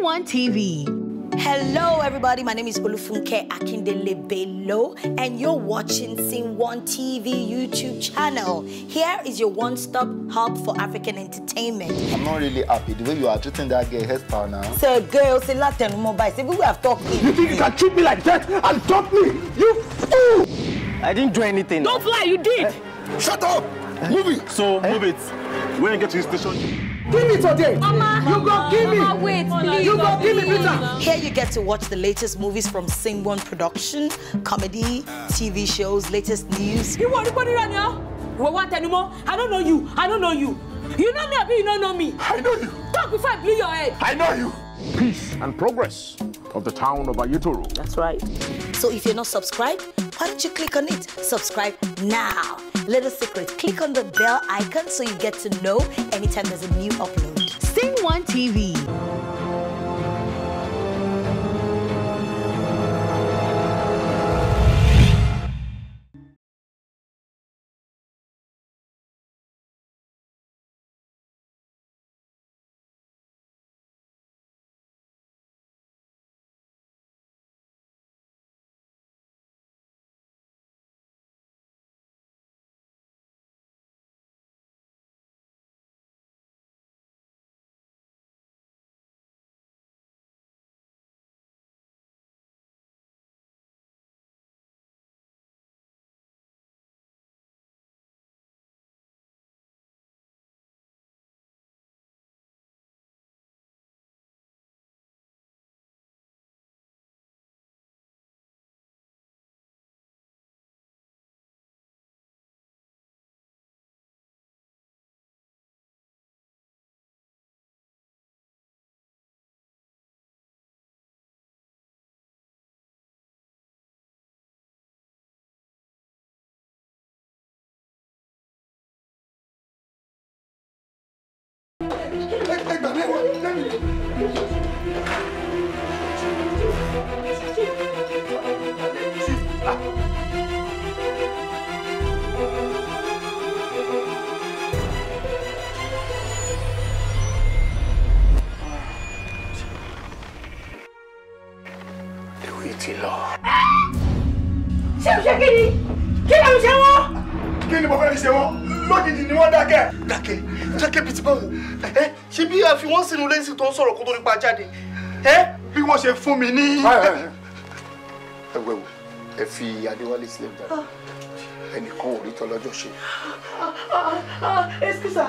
One TV. Hello, everybody. My name is Olufunke Akindele Bello, and you're watching Sing One TV YouTube channel. Here is your one-stop hub for African entertainment. I'm not really happy the way you are treating that girl hairstyle now. Sir, girl, say Latin mobile. Say we have talked. You think you can treat me like that and talk me? You fool! I didn't do anything. Don't lie, you did. Uh, Shut up! Uh, move it. So eh? move it. When you get to the station. Give me today. Mama, you go give me. Mama, wait, please. You go give me, Peter. Here you get to watch the latest movies from Sing One Production, comedy, TV shows, latest news. You want to put it on now? We want anymore? I don't know you. I don't know you. You know me, Abi. You don't know me. I know you. Talk before I blew your head. I know you. Peace and progress of the town of Ayutoro. That's right. So if you're not subscribed, why don't you click on it? Subscribe now. Little secret, click on the bell icon so you get to know anytime there's a new upload. Sing One TV. slave dada ẹnìkan ò rí tọ́lọ́jọ́ ṣe. ẹsikúsà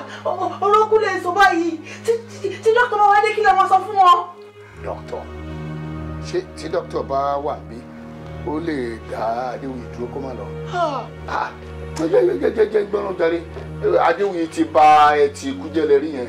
orókù lè sọ báyìí tí dókítà bá wá dé kí lè wọ́n sọ fún wọn. dókítà ṣé tí dókítà bá wà bí ó lè dá adéwòye ah, kó je, je, je, gbọ́nrún darí adéwòye ti bà ẹ ti kú jẹ́lẹ̀ rí yẹn.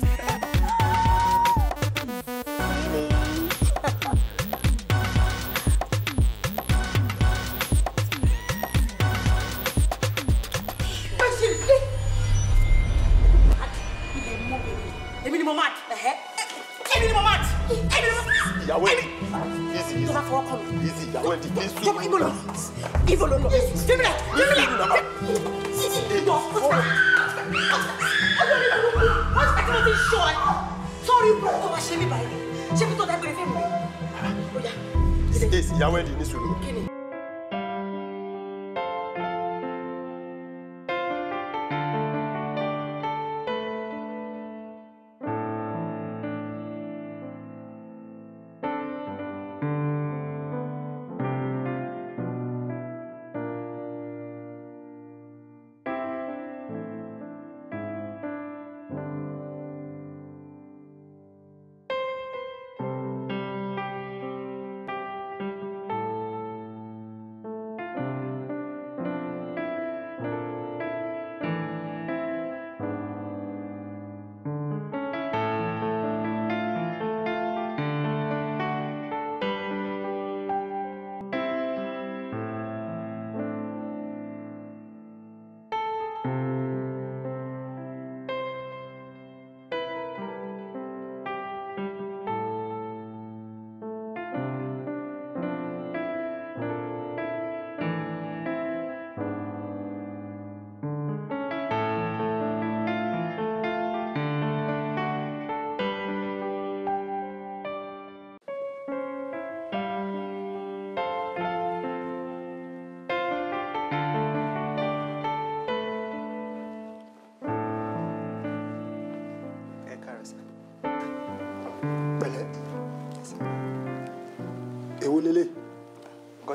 ìyàwó ẹ̀ easy easy easy ìyàwó ẹ̀ di fi sùn. ibo ló ibo ló lọ fífi rẹ fífi rẹ fífi rẹ wọ́n ti pẹ̀tẹ́ ló ti sọ ẹ́ sọ́ọ́rì ìbúra tó máa ṣe mí báyìí ṣé kí tó dágbére fẹ́ mi rẹ̀ ó yá. ìyàwó ẹ̀ di ní sùúrù. kí ni.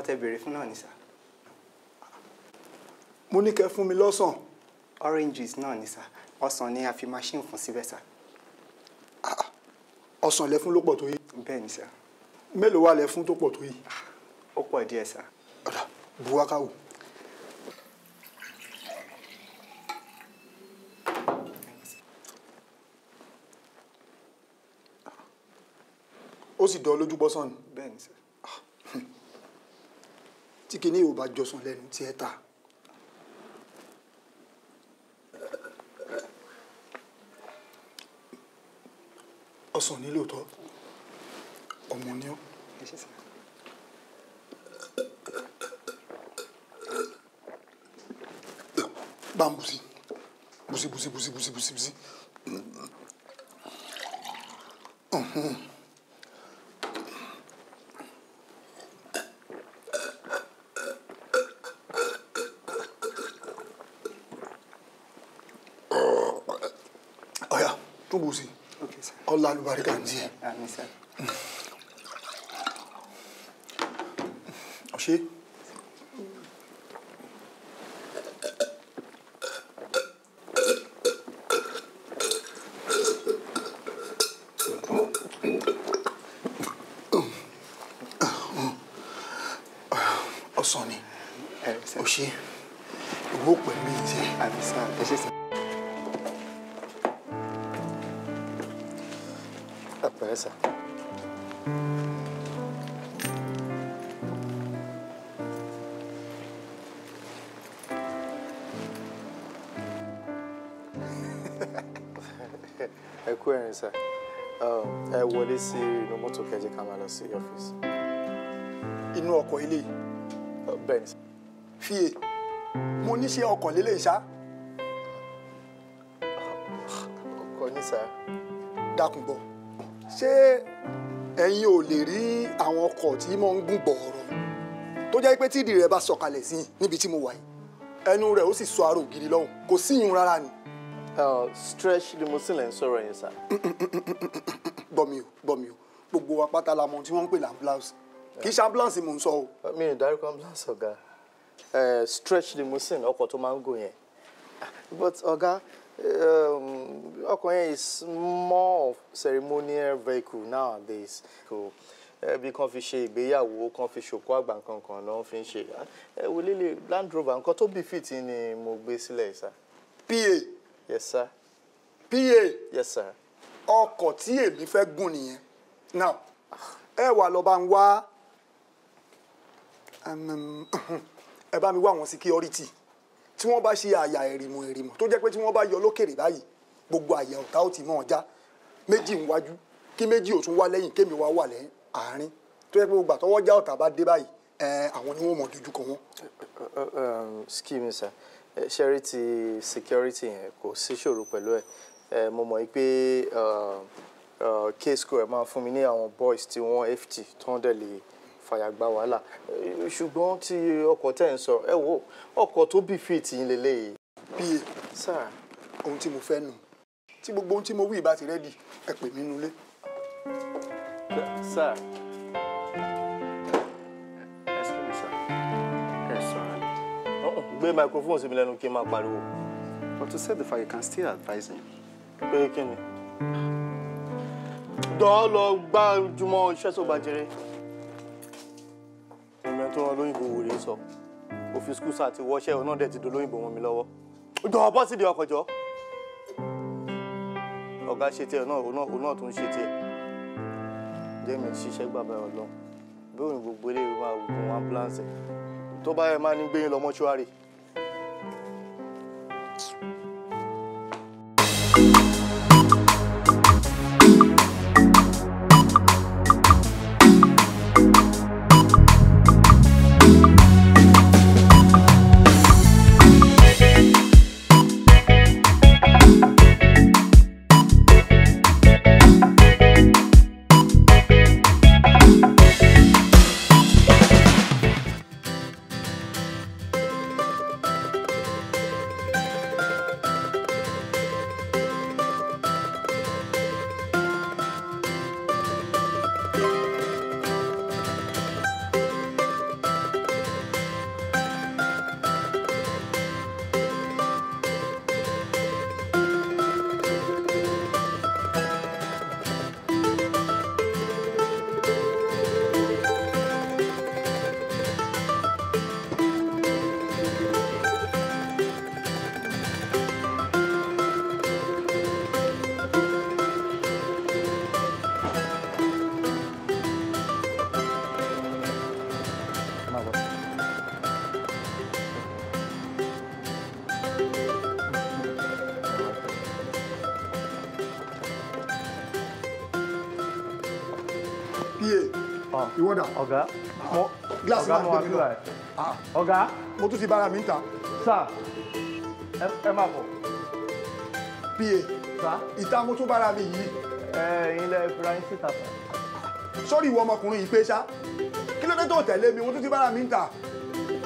tẹ béèrè fún náà ni sà. mo ní fún mi lọ́sàn. oranges náà ni sà ọsàn ni a fi machine fún síbẹ̀ sà. Ah, ọsàn lẹ fún ló pọ̀ tó yìí. bẹ́ẹ̀ ni sà. mélòó wà lẹ fún tó pọ̀ tó yìí. Ah, ó pọ̀ díẹ̀ sà. buwaka wò. ó sì dán lójú bọ́sán ni. bẹ́ẹ̀ ni sà. tí kìíní yóò bá jọsùn lẹ́nu tí ẹ ta. ọsàn ní lóòótọ́ ọmọ ní ọ́. bá ń busi busi busi busi busi busi. Mm-hmm. Allah mübarek anziye. Amin. sir um, ẹ wọlé sí inú mọ́tò kẹjẹ ká máa lọ sí ọ́fíìsì. inú ọkọ̀ ilé uh, bẹ́ẹ̀ ni. fíye mo níṣẹ́ ọkọ̀ lélẹ̀ ṣá. ọkọ̀ ní sá. dákun gbọ́ ṣé ẹ̀yin ò lè rí àwọn ọkọ̀ tí mo ń gùn bọ̀ọ̀rọ̀ tó jẹ́ pé tíìdì rẹ̀ bá sọ̀kalẹ̀ sí níbi tí mo wà yìí ẹnu rẹ̀ ó sì sọ àrò ògiri lọ́hùn kò síyùn rárá ni stretch limousine lẹ́ ń sọ̀rọ̀ yẹn sá. bọ̀mí o bọ̀mí o gbogbo wa pátá la mọ̀ tí wọ́n ń pè l'ambulance kì í ṣe ambulance mò ń sọ o. mi ò dárúkọ ambulance ọ̀gá stretch limousine ọkọ̀ tó máa ń gò yẹn but ọ̀gá um, ọkọ̀ yẹn is more of ceremonial vehicle nowadays. Cool ẹbí kan fi ṣe ìgbéyàwó kan fi ṣòkó àgbà kankan ló ń fi ṣe ẹ wọlé lè Land Rover nǹkan tó bí fìtì ni mo gbé sílẹ̀ sá. pa yes sir. pa yes sir. ọkọ̀ tí èmi fẹ́ gùn nìyẹn now ẹ wà lọ bá ń wá um, ẹ bá mi wá àwọn security tí wọ́n bá ṣe àyà ẹ̀rìmọ̀ ẹ̀rìmọ̀ tó jẹ́ pé tí wọ́n bá yọ lókèrè báyìí gbogbo àyà ọ̀tá ò ti mọ̀ ọ́n já méjì ń wájú kí méjì ò tún wá lẹ́yìn kémi wá wà lẹ́yìn àárín tó yẹ pé gbogbo àtọwọ́já ọ̀tá bá dé báyìí eh, àwọn ni wọ́n mọ̀ dojú kọ wọn. Uh, uh, um, excuse me sir ṣẹ́rí ti security yẹn kò sí ṣòro pẹ̀lú ẹ̀ mo mọ̀ pé k ẹ̀ máa fún mi ní àwọn boys tí wọ́n ft tó ń dẹ̀lé fàyàgbá wàhálà ṣùgbọ́n tí ọkọ̀ tẹ̀ ń sọ ẹ wo ọkọ̀ tó bí fìtì yín lélẹ́yìí. pa sáà ohun tí mo fẹ́ nù tí gbogbo ohun tí mo wí ìbá ti rẹ́dì ẹ pè mí nulẹ̀. sáà. gbé microphone sí mi lẹ́nu kí n máa pariwo. But to say the fact, you can still advise him. Pé kí ni? Dọ́ lọ gbá jùmọ̀ iṣẹ́ tó bàjẹ́rẹ́. Ìmọ̀ tó wọn lóyìnbó wò lè sọ. Òfin skúsà àti wọ́ṣẹ́ ọ̀nà dẹ̀ ti dolóyìnbó wọn mi lọ́wọ́. Jọ̀wọ́ bọ́ sídìí ọkọ̀ jọ. Ọ̀gá ṣe tiẹ̀ náà, òun náà tún ṣe tiẹ̀. Jẹ́mi ṣiṣẹ́ gbàgbà ọ̀lọ́. Bí òyìnbó gbélé wa gun ambulance. Tó bá yẹ máa ní gbé yín lọ mọ́ṣúárì. Thanks. ọ̀gá mo ọ̀gá mo wà bí wà ẹ̀. ọ̀gá. mo tún ti bára mi ń ta. sà ẹ máa bọ̀. pa sà ìta mo tún bára mi yìí. ẹ ẹ̀yin lẹ fura yín síta sà. sọ́rí ìwọ ọmọkùnrin yìí pé ṣá kí ló dé tó tẹ̀lé mi mo tún ti bára mi ń ta.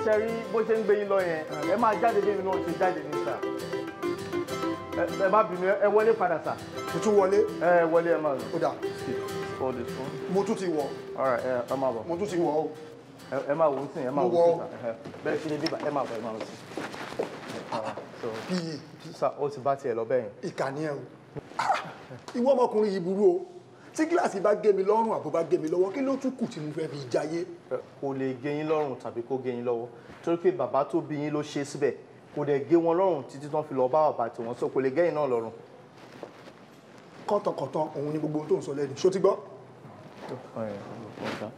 ṣe rí bó ṣe ń gbé yín lọ yẹn ẹ máa jáde bí mi náà ṣe jáde ní sà ẹ má bínú ẹ wọlé padà sà. tuntun wọlé. ẹ wọlé ẹ máa lọ. ó fold it fún. mo tún ti wọ̀. ọ̀rọ̀ ẹ ẹ máa bọ̀. mo tún ti wọ̀ o. ẹ máa wò ó sìn ẹ máa wò ó sìn bẹ́ẹ̀ fi ni bíbá ẹ máa bọ̀ ẹ máa wò ó sìn. bíi ó ti bá tiẹ̀ lọ bẹ́ẹ̀ yẹn. ìkànnì ẹ o ah, ìwọ ọmọkùnrin yìí burú o tí gíláàsì bá gé mi lọ́rùn àbò bá gé mi lọ́wọ́ kí ló tún kù tí mo fẹ́ fi jayé. kò lè gé yín lọ́rùn tàbí kó gé yín lọ́wọ́ torí pé bàbá tó bí yín ló ṣe síbẹ̀ kò dẹ̀ gé wọn lọ́rùn títí tán fi lọ bá bàbá tiwọn sọ kò lè gé yín náà lọ́rùn. kọ́tọ̀kọ̀tọ̀ òun ni gbogbo ohun tó ń sọ lẹ́nu ṣó ti gbọ́ ọ̀gá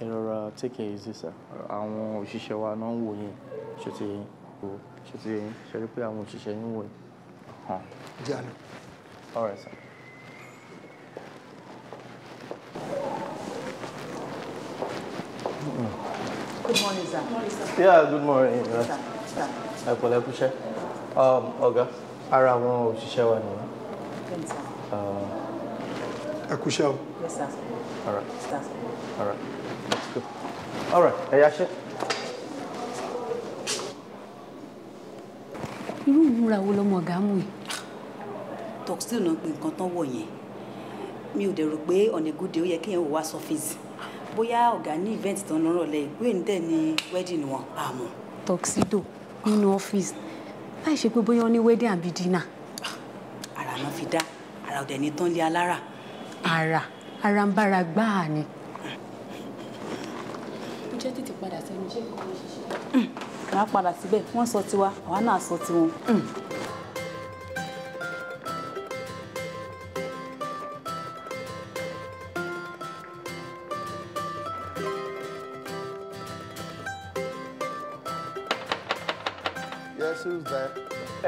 ẹ rọra take care easy sir àwọn òṣìṣẹ́ wa náà ń wò yín ṣe yín o yín ṣe pé àwọn òṣìṣẹ́ yín wò yín. jẹ́ Good morning, sir. Yeah, good morning. Ẹ kò lẹ́kú um, Ọ̀gá, ara àwọn òṣìṣẹ́ wa nìyẹn. Um, ẹ kú o. Yes, sir. All right. Yes, sir. All right. Let's go. All right. Hey, yá ṣe. Irú ìmúra wo lọmọ ọ̀gá mú yìí? Toxin náà pe nǹkan tán wọ̀ yẹn. Mi ò dẹ̀ rò pé on a good day ó yẹ kéèyàn wò wá sọ́fíìsì. Bóyá ọ̀gá ní event tán lọ́rọ̀ lẹ́yìn, pé ní ni wedding wọn àmọ́. Tuxedo nínú ọ́fíìsì. Láì ṣe pé bóyá ó ní wedding àbí dinner. Àrà ah, náà fi dá, àrà ọ̀dẹ̀ ní tán lé alára. Àrà. ara ń gbáà ni. ó jẹ́ padà sẹ́nu na ya ló ṣiṣẹ́. Hmm. padà síbẹ̀ wọ́n sọ tiwa àwa náà sọ tiwọn.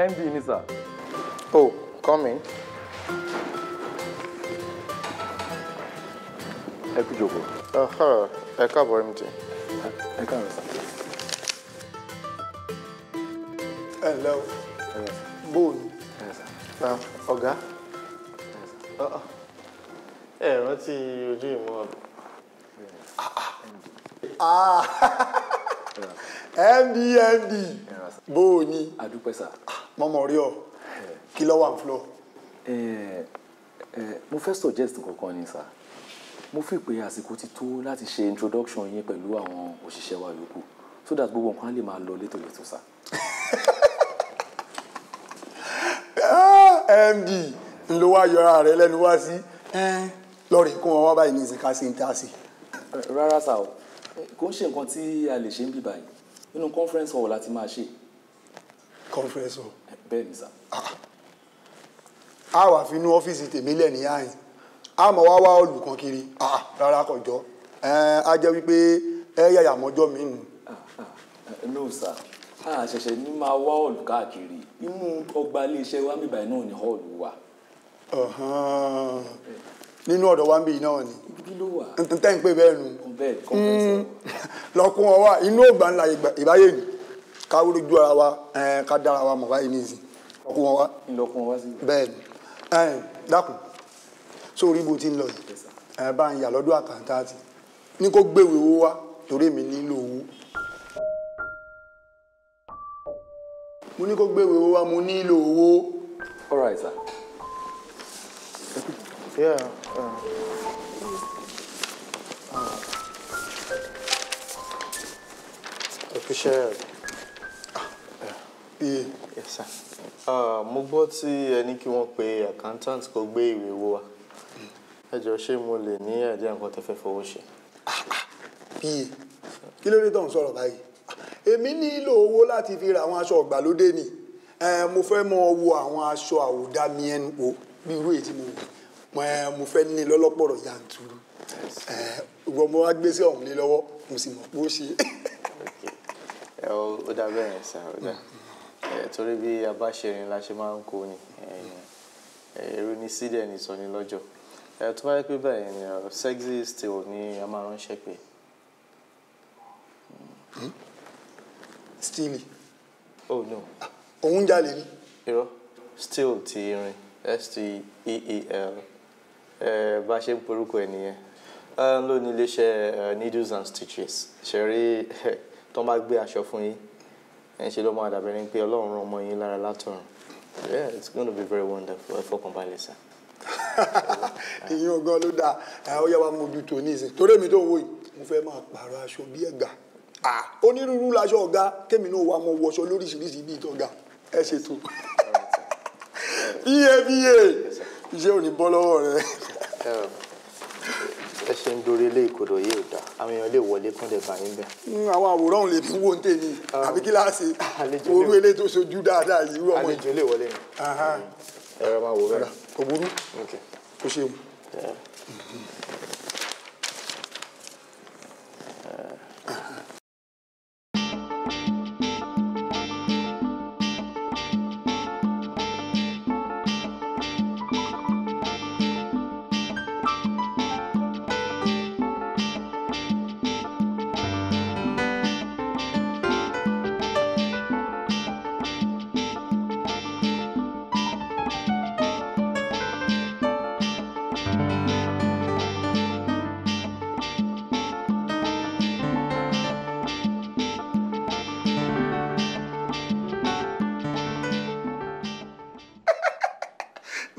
MD, hmm. Oh, ẹ kú jòkó. ẹ káàbọ̀ md. ẹ káàbọ̀ sá. ẹ lẹ́ o bóòlù ọ̀gá ẹ rántí ojú ìmọ̀ ọ̀dọ̀. md md bóòlù. adúpẹ́ sá. Ah, mọ́mọ́ rí ọ eh. kí ló wà ń fúlọ̀. Eh, eh, mo fẹ́ suggest kankan ni sá mo fi pé àsìkò ti tó láti ṣe introduction yín pẹ̀lú àwọn òṣìṣẹ́ wa yòókù so that gbogbo nǹkan á lè máa lọ létòlétò sá. Ah, md n ló wá yọra rẹ lẹ́nu wá sí eh, lọ́ọ̀rì kún wọn wá báyìí ní ìsìnká sí ń tà rárá sá o kò ń ṣe nǹkan tí a lè ṣe ń bì báyìí nínú conference hall la máa ṣe. conference hall. bẹ́ẹ̀ ni ah, ah. a wà fi inú tèmi lẹ́ni àyìn a àmọ́ wá wá olùkàn kiri ah, ah, rárá kò jọ eh, a jẹ́ wípé ẹ yàyà mọ́jọ́ mi nù. Ah, eh, no sir a ṣẹ̀ṣẹ̀ ní máa wá hall káàkiri inú ọgbà iléeṣẹ́ wa bíbá iná ní hall wa. nínú ọ̀dọ̀ wa ń bí náà ni ntẹ́ ń pè bẹ́ẹ̀ nu hmm. lọ́kùn ọwọ́ inú ọgbà ńlá ìbáyé ni ká wúlò ju ara wa eh, ká dára wa mọ̀ báyìí nìyí lọ́kùn ọwọ́ bẹ́ẹ̀ ni dákun sórí bó ti ń lọ yìí ẹ bá ń yà lọ́dún àkàntáàtì ní kó gbéwèé owó wá torí èmi nílò owó. mo ní kó gbéwèé owó wá mo nílò owó. all right sir. yeah, uh. Ah. Official. Ah, yes, sir. Uh, mo gbọ́ tí ẹni kí wọ́n pe accountant kó gbé ìwé owó wa ẹ jọ ṣé mo lè ní ẹ̀dí nǹkan tẹ́ fẹ́ fowó ṣe. Ah, ah, pa kí ló dé tó ń sọ̀rọ̀ báyìí èmi nílò owó láti fi ra àwọn aṣọ ọ̀gbàlódé ni mo fẹ́ mọ wo àwọn aṣọ àwòdámi ẹnu wo bí irú èyí tí mo wò mo fẹ́ ní lọ́lọ́pọ̀rọ̀ yanturu ìwọ mo wá gbé sí ọ̀hún lé lọ́wọ́ mo sì mọ̀ pé ó ṣe. ó dá bẹ́ẹ̀ sá ó dá torí bí a la ṣe máa ń kó ni ẹ̀rù ní sídẹ̀ ní sọ ní lọ́jọ́ ẹ tó bá yẹ pé bẹ́ẹ̀ ni uh, sexist ò ní a máa ránṣẹ́ pé. Hmm? steel. oh no. Ah, òun jalè ni. irọ́ steel ti irin s-t-e-e-l bá a ṣe ń porúkọ ẹ nìyẹn ló ní iléeṣẹ́ needles and stitches ṣe rí tó ń bá gbé aṣọ fún yín ẹ̀ ń ṣe ló máa dàbẹ̀rẹ̀ pé ọlọ́run rán ọmọ yín lára látọ̀run yeah it's gonna be very wonderful ẹ fọkàn balẹ̀ sir. ìyún ọgán ló dáa ó yẹ wa mójútó ní ìsìn torí èmi tó ń wò yìí mo fẹ́ máa pààrọ̀ aṣọ bí ẹ̀gà onírúurú laṣọ ọ̀gá kémi náà wà mọ wọṣọ lóríṣiríṣi bíi tọ́gà ẹ ṣètò bíye bíye iṣẹ́ ò ní bọ́ lọ́wọ́ rẹ. ẹ ṣe ń dorí ilé ìkodò yìí ò dá àwọn èèyàn lè wọlé kán lè bá yín bẹ. àwọn àwòrán lè fi wo ń tèmi ah. àbí kíláàsì orú ilé tó ṣojú dáadáa yìí rú ọmọ yìí. àlejò lè wọlé ni ẹ̀rọ máa wò bẹ́ẹ̀. Oburu? Okay. Push him. Yeah. É. Mm uhum. -hmm.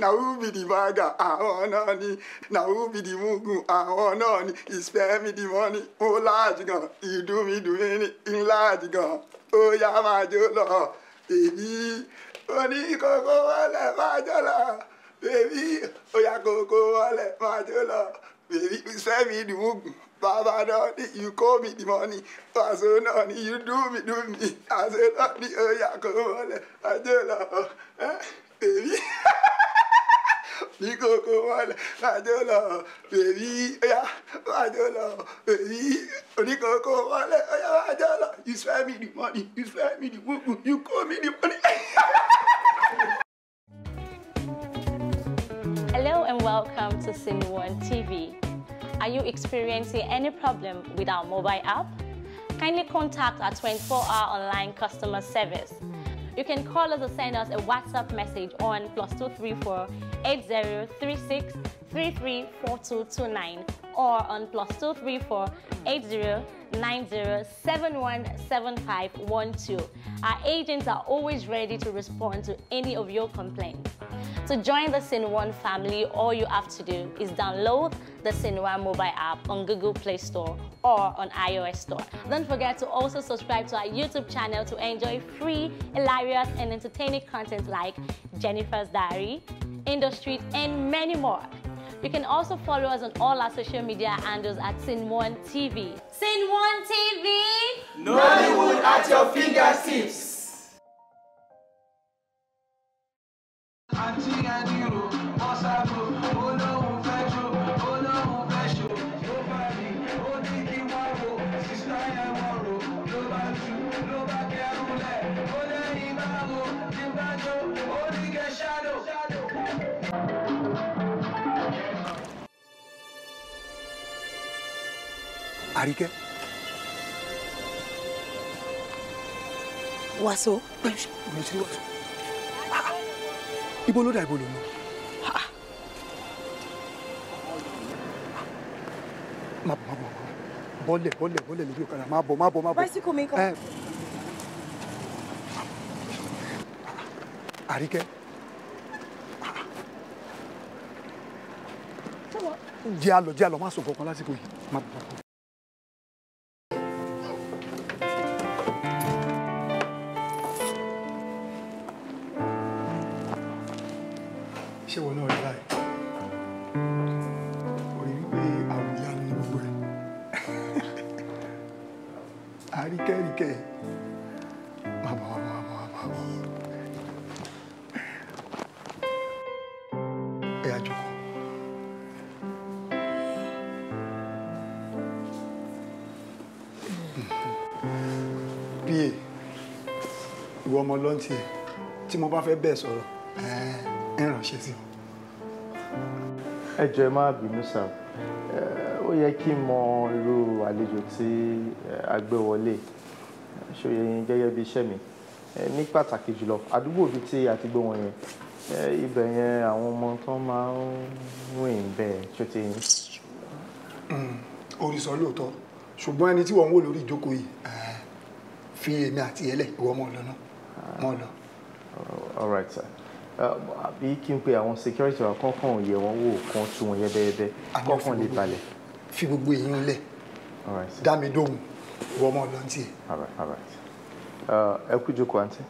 na who be the bagger àwọn náà ni na who be the mugun àwọn náà ni he spare me the money mo láàjì gan ìdú mi dùn mí ní ńláàjì gan ó yá máa jó lọ èyí oníkókó wọlé máa jó baby. bèbí ya koko wọlé máa jó lọ bèbí spare me the mugu, baba nani you call me the money aso nani you do me do me aso nani oya kó wọlé máa jó lọ eh, baby. you me the money you me the you call me the money. Hello and welcome to Cine One TV. Are you experiencing any problem with our mobile app? Kindly contact our 24-hour online customer service you can call us or send us a WhatsApp message on plus plus two three four eight zero three six three three four two two nine or on plus 234 8090717512. Our agents are always ready to respond to any of your complaints. To join the Sinwan family, all you have to do is download the Sinwan mobile app on Google Play Store or on iOS Store. Don't forget to also subscribe to our YouTube channel to enjoy free, hilarious, and entertaining content like Jennifer's Diary, Industry, and many more. You can also follow us on all our social media handles at Sin One TV. Sin One TV! Nollywood at your fingertips! àríkẹ́. wàṣọ. mo ti rí wàṣọ. Ah, ibo ló dà ibo ló mú. Ah. má bọ̀ má bọ̀ bọ́lẹ̀ bọ́lẹ̀ bọ́lẹ̀ lórí ọ̀kadà má bọ̀ má bọ̀ má bọ̀. báyìí kò mí kàn. àríkẹ́. jẹ́ àlọ́ jẹ́ àlọ́ má ń tiẹ̀ tí mo bá fẹ́ bẹ́ẹ̀ sọ̀rọ̀ ẹ̀ ránṣẹ́ sí wọn. ẹ jọ̀ọ́ ẹ má bínú sá ó yẹ kí n mọ irú àlejò tí a gbé wọlé ṣòye yín gẹ́gẹ́ bí iṣẹ́ mi ní pàtàkì jùlọ àdúgbò bíi tí a ti gbé wọn yẹn ibẹ̀ yẹn àwọn ọmọ tó máa ń rìn bẹ́ẹ̀ tó ti yín. orí sọ lóòótọ́ ṣùgbọ́n ẹni tí wọ́n ń wò lórí ìjókòó yìí fi èmi àti ẹlẹ́ ìwọ́mọ̀ lọ́nà wọn lọ. Uh, all right sir àbí uh, kí n pe àwọn security wa kọ́kàn yẹ̀ wọ́n wò kan tú wọn yẹ́bẹ́yẹ́bẹ́ kọ́kàn lè balẹ̀. fi gbogbo èyí lẹ̀ dá mi dóhùn wọ́n mọ̀ lọ́ntì. all right all right uh, ẹ kú jókòó àǹtí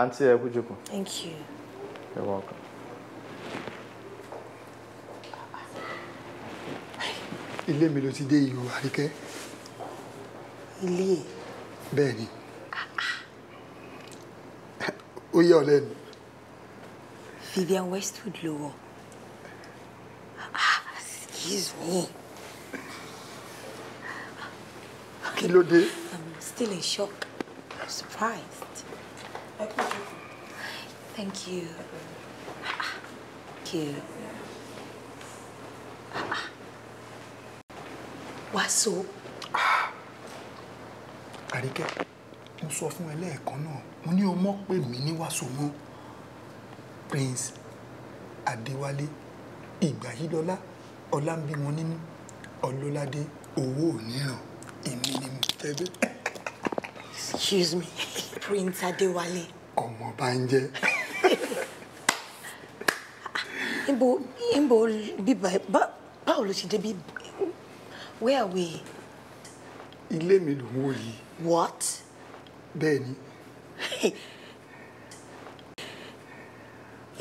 àǹtí ẹ kú jókòó. thank you. you're welcome. ilé mi ló ti dé ìlú àríkẹ́. ilé. bẹ́ẹ̀ ó yẹ ọ lẹ́nu. Vivian Westwood ló wọ̀ ah, excuse me. kí ló dé. I'm still in shock I'm surprised. Thank you. Thank you. Wàásù. Ah, Àríkẹ́ sọ fún ẹ náà mo ní o mọ̀ pé mi ní wàásù mọ́ Prince Adéwálé Ìgbàyídọ́lá Ọlámbímọ nínú Ọlọ́ládé owó òníran èmi ni mo fẹ́ excuse me Prince Adéwálé. ọmọ bá ń jẹ. níbo níbo bíbá báwo ló ṣe débi where are we. ilé mi ló ń wò yìí. what bẹ́ẹ̀ ni.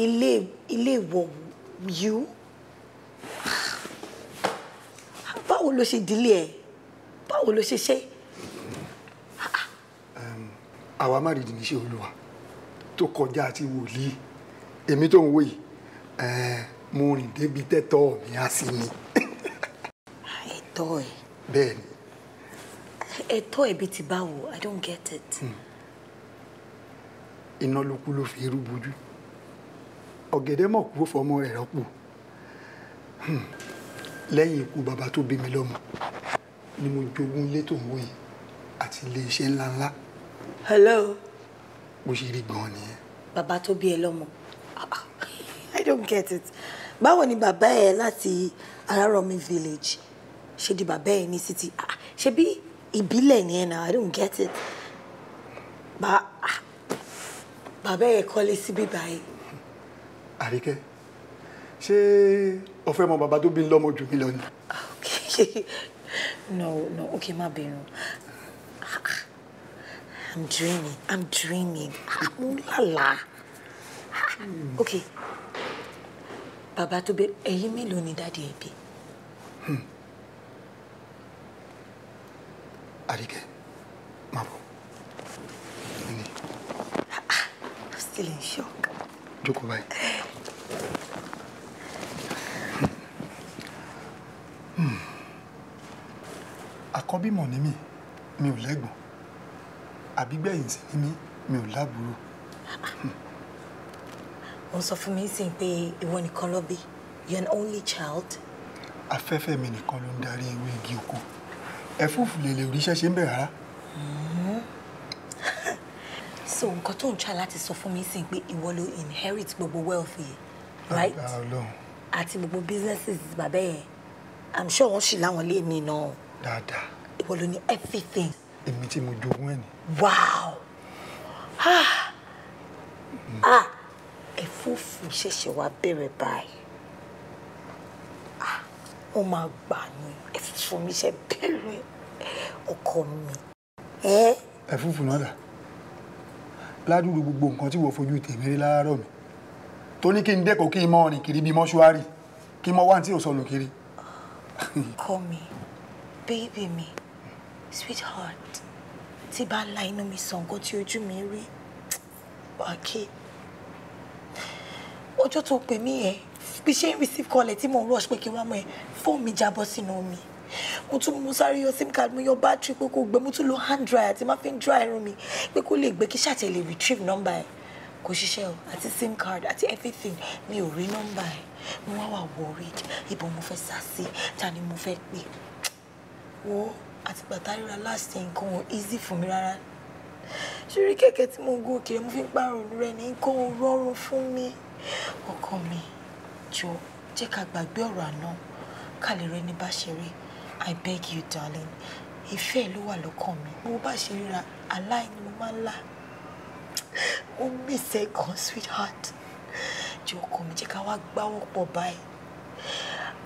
ilé ilé ìwọ yìí báwo ló ṣe dílé ẹ báwo ló ṣe ṣe. àwa má rí ìdìníṣẹ́ olúwa tó kọjá àti wòlíì èmi tó ń wò yìí mo rìn débi tẹ́tọ́ mi á sí mi. àìtọ́ ẹ. bẹ́ẹ̀ ni ẹ̀tọ́ ẹ̀bi ti báwo i don't get it. Hmm. iná ló kú ló fi irú bojú ọ̀gẹ̀dẹ̀ mọ̀ kú fọmọ rẹ̀ rọ́pò hmm. lẹ́yìn ikú bàbá tó bí mi lọ́mọ ni mo jogún ilé tó ń wò yìí àti iléeṣẹ́ ńláńlá. hello. bó ṣe rí gan-an nìyẹn. bàbá tó bí ẹ lọ́mọ i don't get it báwo ni bàbá ẹ láti Araromi village ṣe di bàbá ẹ ní city ah, ṣe bí ìbílẹ̀ yẹn náà I don't get it. Ba ah, bàbá ẹ̀ kọ́lé síbí báyìí. Àríkẹ́, ṣé o fẹ́ mọ bàbá tó bí lọ́mọ jù mí lọ ni? Okay, no, no, okay, má bínú. Ah, I'm dreaming, I'm dreaming, ah, mo ń Okay, bàbá tó bí ẹ̀yin mélòó ni dáàdi ẹ̀ bí? Àríkẹ́ máa bọ̀. Ah, I'm still in shock. Jókòó báyìí. Hmm. Àkọ́bímọ ni mí, mi ò lẹ́gbọ̀n. Àbígbẹ̀yìn sí ni mí, mi ò lábúrò. Hmm. Wọ́n sọ fún mi sìn pé ìwọ nìkan ló bí. You're an only child. Afẹ́fẹ́ mi nìkan ló ń darí ewé igi oko ẹ̀fúùfù lè lè ríṣẹ́ ṣe ń bẹ̀ rárá. so nǹkan tó ń ṣá láti sọ fún mi sí pé ìwọ ló inherit gbogbo wealth yìí right àti gbogbo businesses bàbá yẹn i'm sure wọn ṣì láwọn lé mi náà. dáadáa. ìwọ ló ní everything. èmi tí mo jogún ẹ̀ ni. wow ah, mm. ah. ẹ̀fúùfù ṣẹ̀ṣẹ̀ wá bẹ̀rẹ̀ báyìí wọ́n máa gbà ní ẹ̀fúfù mi ṣe bẹ̀rẹ̀ ọkọ mi. ẹ̀fúfù náà dà ládùúgbò gbogbo nǹkan tí wọ́n fojú tèmi rí láàárọ̀ mi tó ní kí n dẹ́kọ̀ọ́ kí n mọ rìn kiri bíi mọ́ṣúárì kí n mọ wáǹtí ò sọnù kiri. ọkọ mi bébì mi sweetheart tí bá la inú mi sàn nǹkan tí ojú mi rí wákè ọjọ́ tó pè mí yẹn bí ṣe ń receive call ẹ̀ tí mò ń rush pé kí wọ́n mọ̀ ẹ́ fóònù mi jábọ́ sínú omi mo tún mo sáré yọ sim card mo yọ battery pé kò gbẹ mo tún lo hand dryer tí máa fi dry irun mi pé kó lè gbé kí ṣàtẹ̀ retrieve number ẹ̀ kò ṣiṣẹ́ o àti sim card àti everything mi ò rí number ẹ̀ mo wá wà worried ibo mo fẹ́ sá sí ta ni mo fẹ́ pè wo àti gbàtàríra last nǹkan wọn easy fún mi rárá ṣorí kẹ̀kẹ́ tí mo gòkè mo fi ń pààrọ̀ rẹ̀ ní nǹkan ò rọrùn fún mi ọkọ mi jọ jẹ́ ká gbàgbé ọ̀rọ̀ àná ká lè rẹ́ni bá ṣe rí i beg you darling ìfẹ́ ló wà lọ́kàn mi bó bá ṣe ríra aláìní mo máa ń là ó mèsè kan sweetheart jọ ọkọ mi jẹ́ ká wá gbáwọ́ pọ̀ báyìí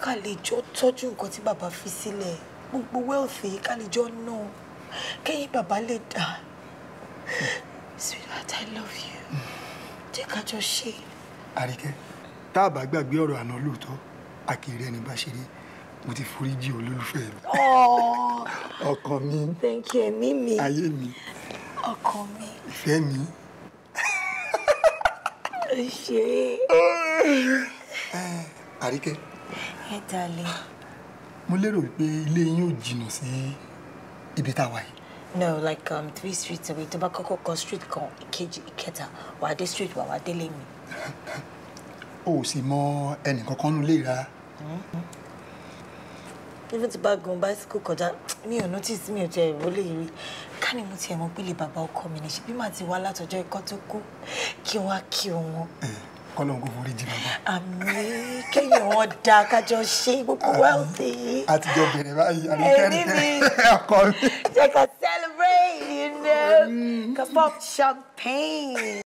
ká lè jọ tọ́jú nǹkan tí bàbá fi sílẹ̀ gbogbo wẹ́ẹ̀fì ká lè jọ ná kẹ́yìn bàbá lè dà sweetheart i love you jẹ́ ká jọ ṣe. àríkẹ́ tá a bá gbàgbé ọ̀rọ̀ àná lóòótọ́ àkèrè ẹni bá ṣe rí mo ti foríjì olólùfẹ́ mi. ọkàn mi. thank you ẹ̀mí mi. ayé mi. ọkàn mi. ìfẹ́ mi. o ṣe. àríkẹ́. ẹ dalẹ̀. mo lérò pé ilé yín ò jìnnà sí ibi tá a wà yìí. No, like um, three streets away. Tó bá kọ́kọ́ kan street kan, ìkejì, ìkẹta, wà á dé street wa, wà á délé mi o ò sì mọ ẹnìkankan nù ra. even to bá gun bicycle kọjá mi ò notice mi ò jẹ ìwọ lè rí ká ní mo tiẹ̀ mọ pé lè bàbá ọkọ mi ní ṣe bí màá ti wá látọjọ́ ikọ́ tó kú kí wọ́n á kí wọn kọlọ́n kò forí jìnnà bá. àmín kéèyàn wọn da kájọ ṣe gbogbo wẹ́ẹ̀sì. a ti jọ bẹ̀rẹ̀ báyìí àmì kẹ́rin ọkọ mi. jẹ́ ká celebrate you know ká mm-hmm. pop champagne.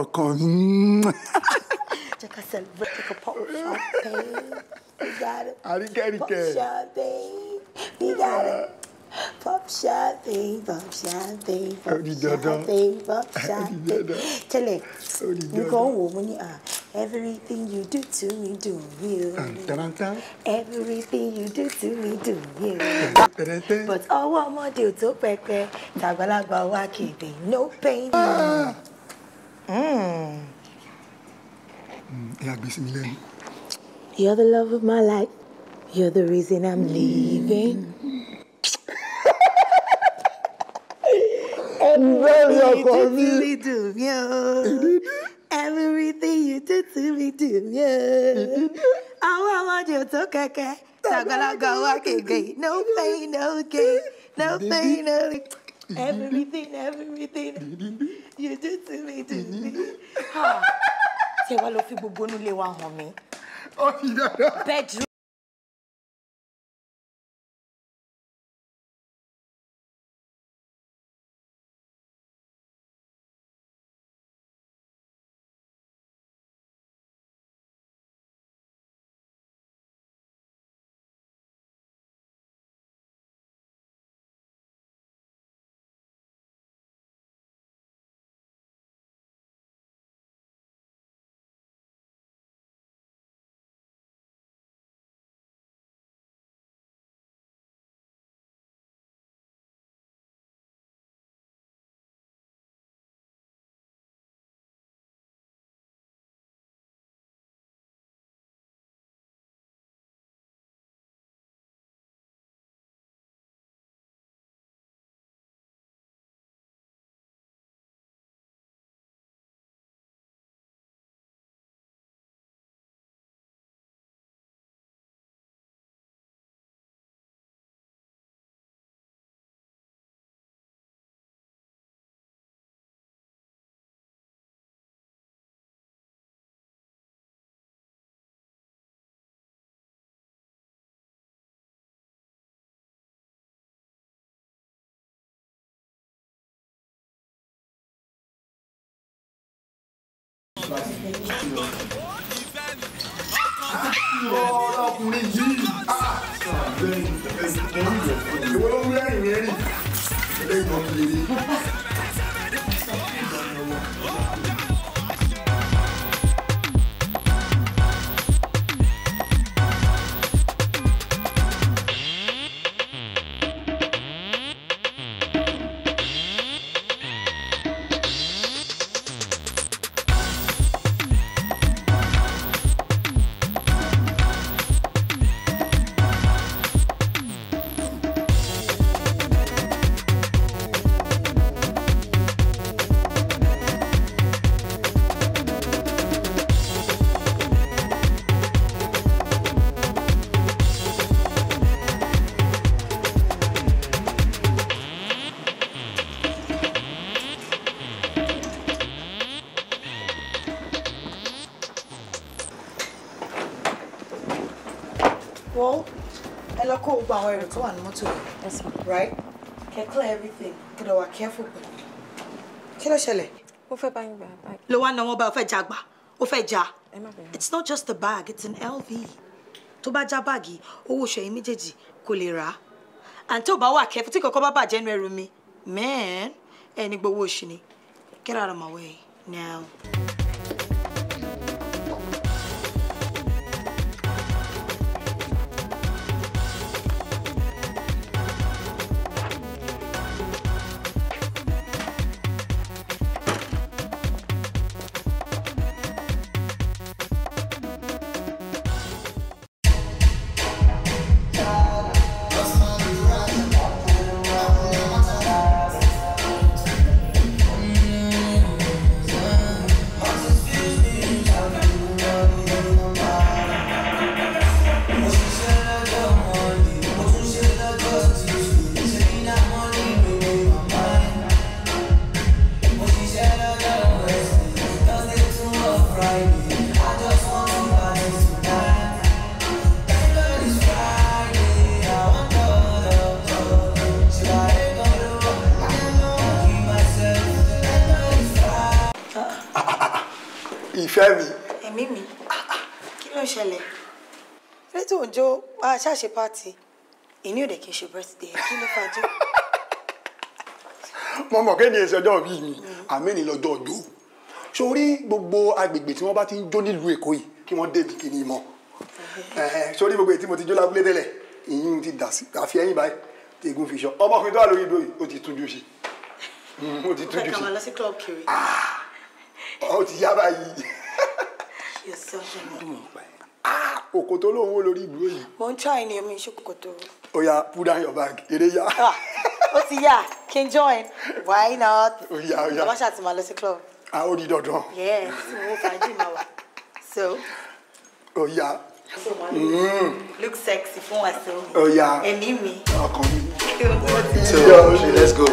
ọkọ mi. Jẹ́ pop champagne. got it. I didn't get it. Pop champagne. we got it. Pop champagne, pop champagne, pop champagne, pop champagne. Tẹ́lẹ̀, nǹkan you go ní Everything you do to me, do you. Everything you do to me, do you. But ọwọ́ i ò tó pẹpẹ, tàgbàlagbà keep kéde, no pain. Mmm ẹ àgbè you You're the love of my life. You're the reason I'm leaving. Everything you do to me, do you? Everything you do to me, do you? Àwọn ọmọdé ò tó kẹ̀kẹ́, ṣàgbàlagbà wá kéèké, no pain, no gain, no pain, no gain. Everything, everything you do to me, do you? tí ẹ wá fi gbogbo onílé wa hàn mí. ó oh, fi bedroom. 나 우리 일. 아, 내리, 내리, 너무 내리, 내리, 내리 너무 내리. One more ní Yes, ma'am. right kẹ́ clear everything Get our careful pẹ̀lú kí ló ṣẹlẹ̀. ó fẹ́ báyìí gbà báyìí. ló wá náwó bá ó fẹ́ já gbà it's not just a bag it's an LV To bá já báàgì owó oṣù ẹ̀yìn méjèèjì kò lè rà á àǹtí ò careful tí kankan bá bàjẹ́ nínú ẹrù mi man ẹni gbowó oṣù ni get out of my way now. ṣe pàtì ìní òde kì í ṣe birthday kí ló fàájì. mo mọ̀ kéde ẹsẹ̀ ọjọ́ bíi mi àmẹ́ni lọ́jọ́ ọjọ́ sórí gbogbo agbègbè tí wọ́n bá ti ń jó nílùú Èkó yìí kí wọ́n débi kí ni mọ̀ sórí gbogbo ètí mo ti jó lábúlé tẹ́lẹ̀ ìyún ti dà sí àfi ẹ̀yìn báyìí tegun fi sọ ọmọkùnrin tó wà lórí ìdó yìí ó ti túnjú sí mm, ó ti túnjú sí. ó kà máa lọ sí club kiri. Ah, ó ti yá báyìí. yóò sọ ọ́ Ah, òkòtó lòun ó lórí ìbúrò yìí. mo ń try ni omi ìṣòkòtò. ó yá put down your bag eré yá. Ah, ó ti yá kí n join why not. ó yá ó yá ọlọ́ṣà ti máa lọ sí club. a ó di dandan. yẹ́ẹ̀ tí mo fàájì máa wà so. ó yá. Mm. Mm. look sexy fún wa so. ó yá ẹ̀mí mi. ọkàn mi. let's go.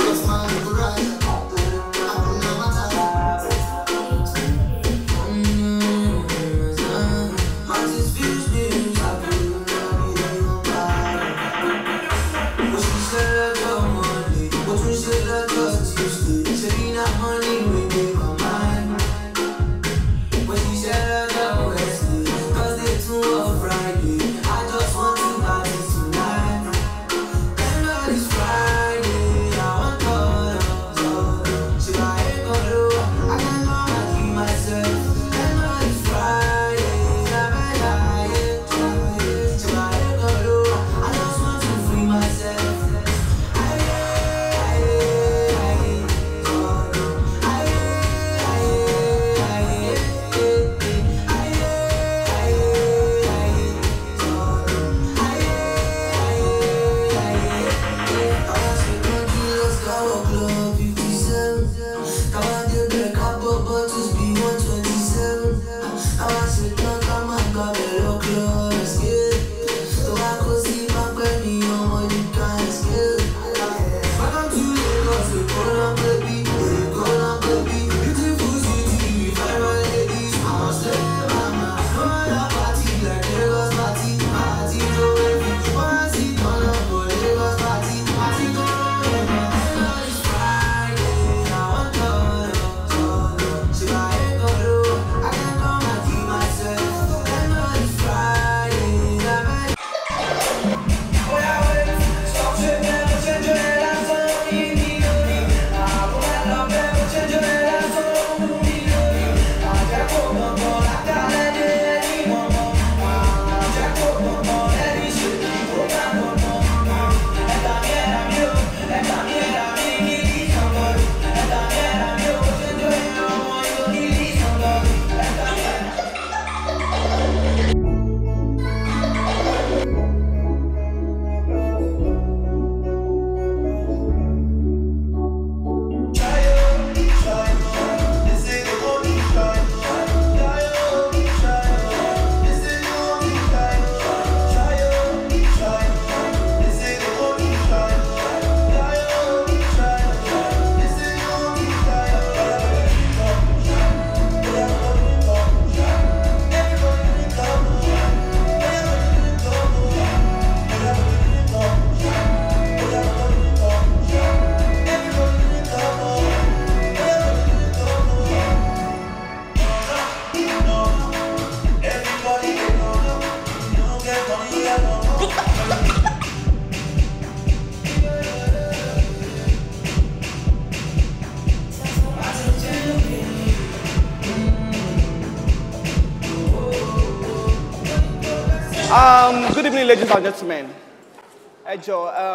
mama.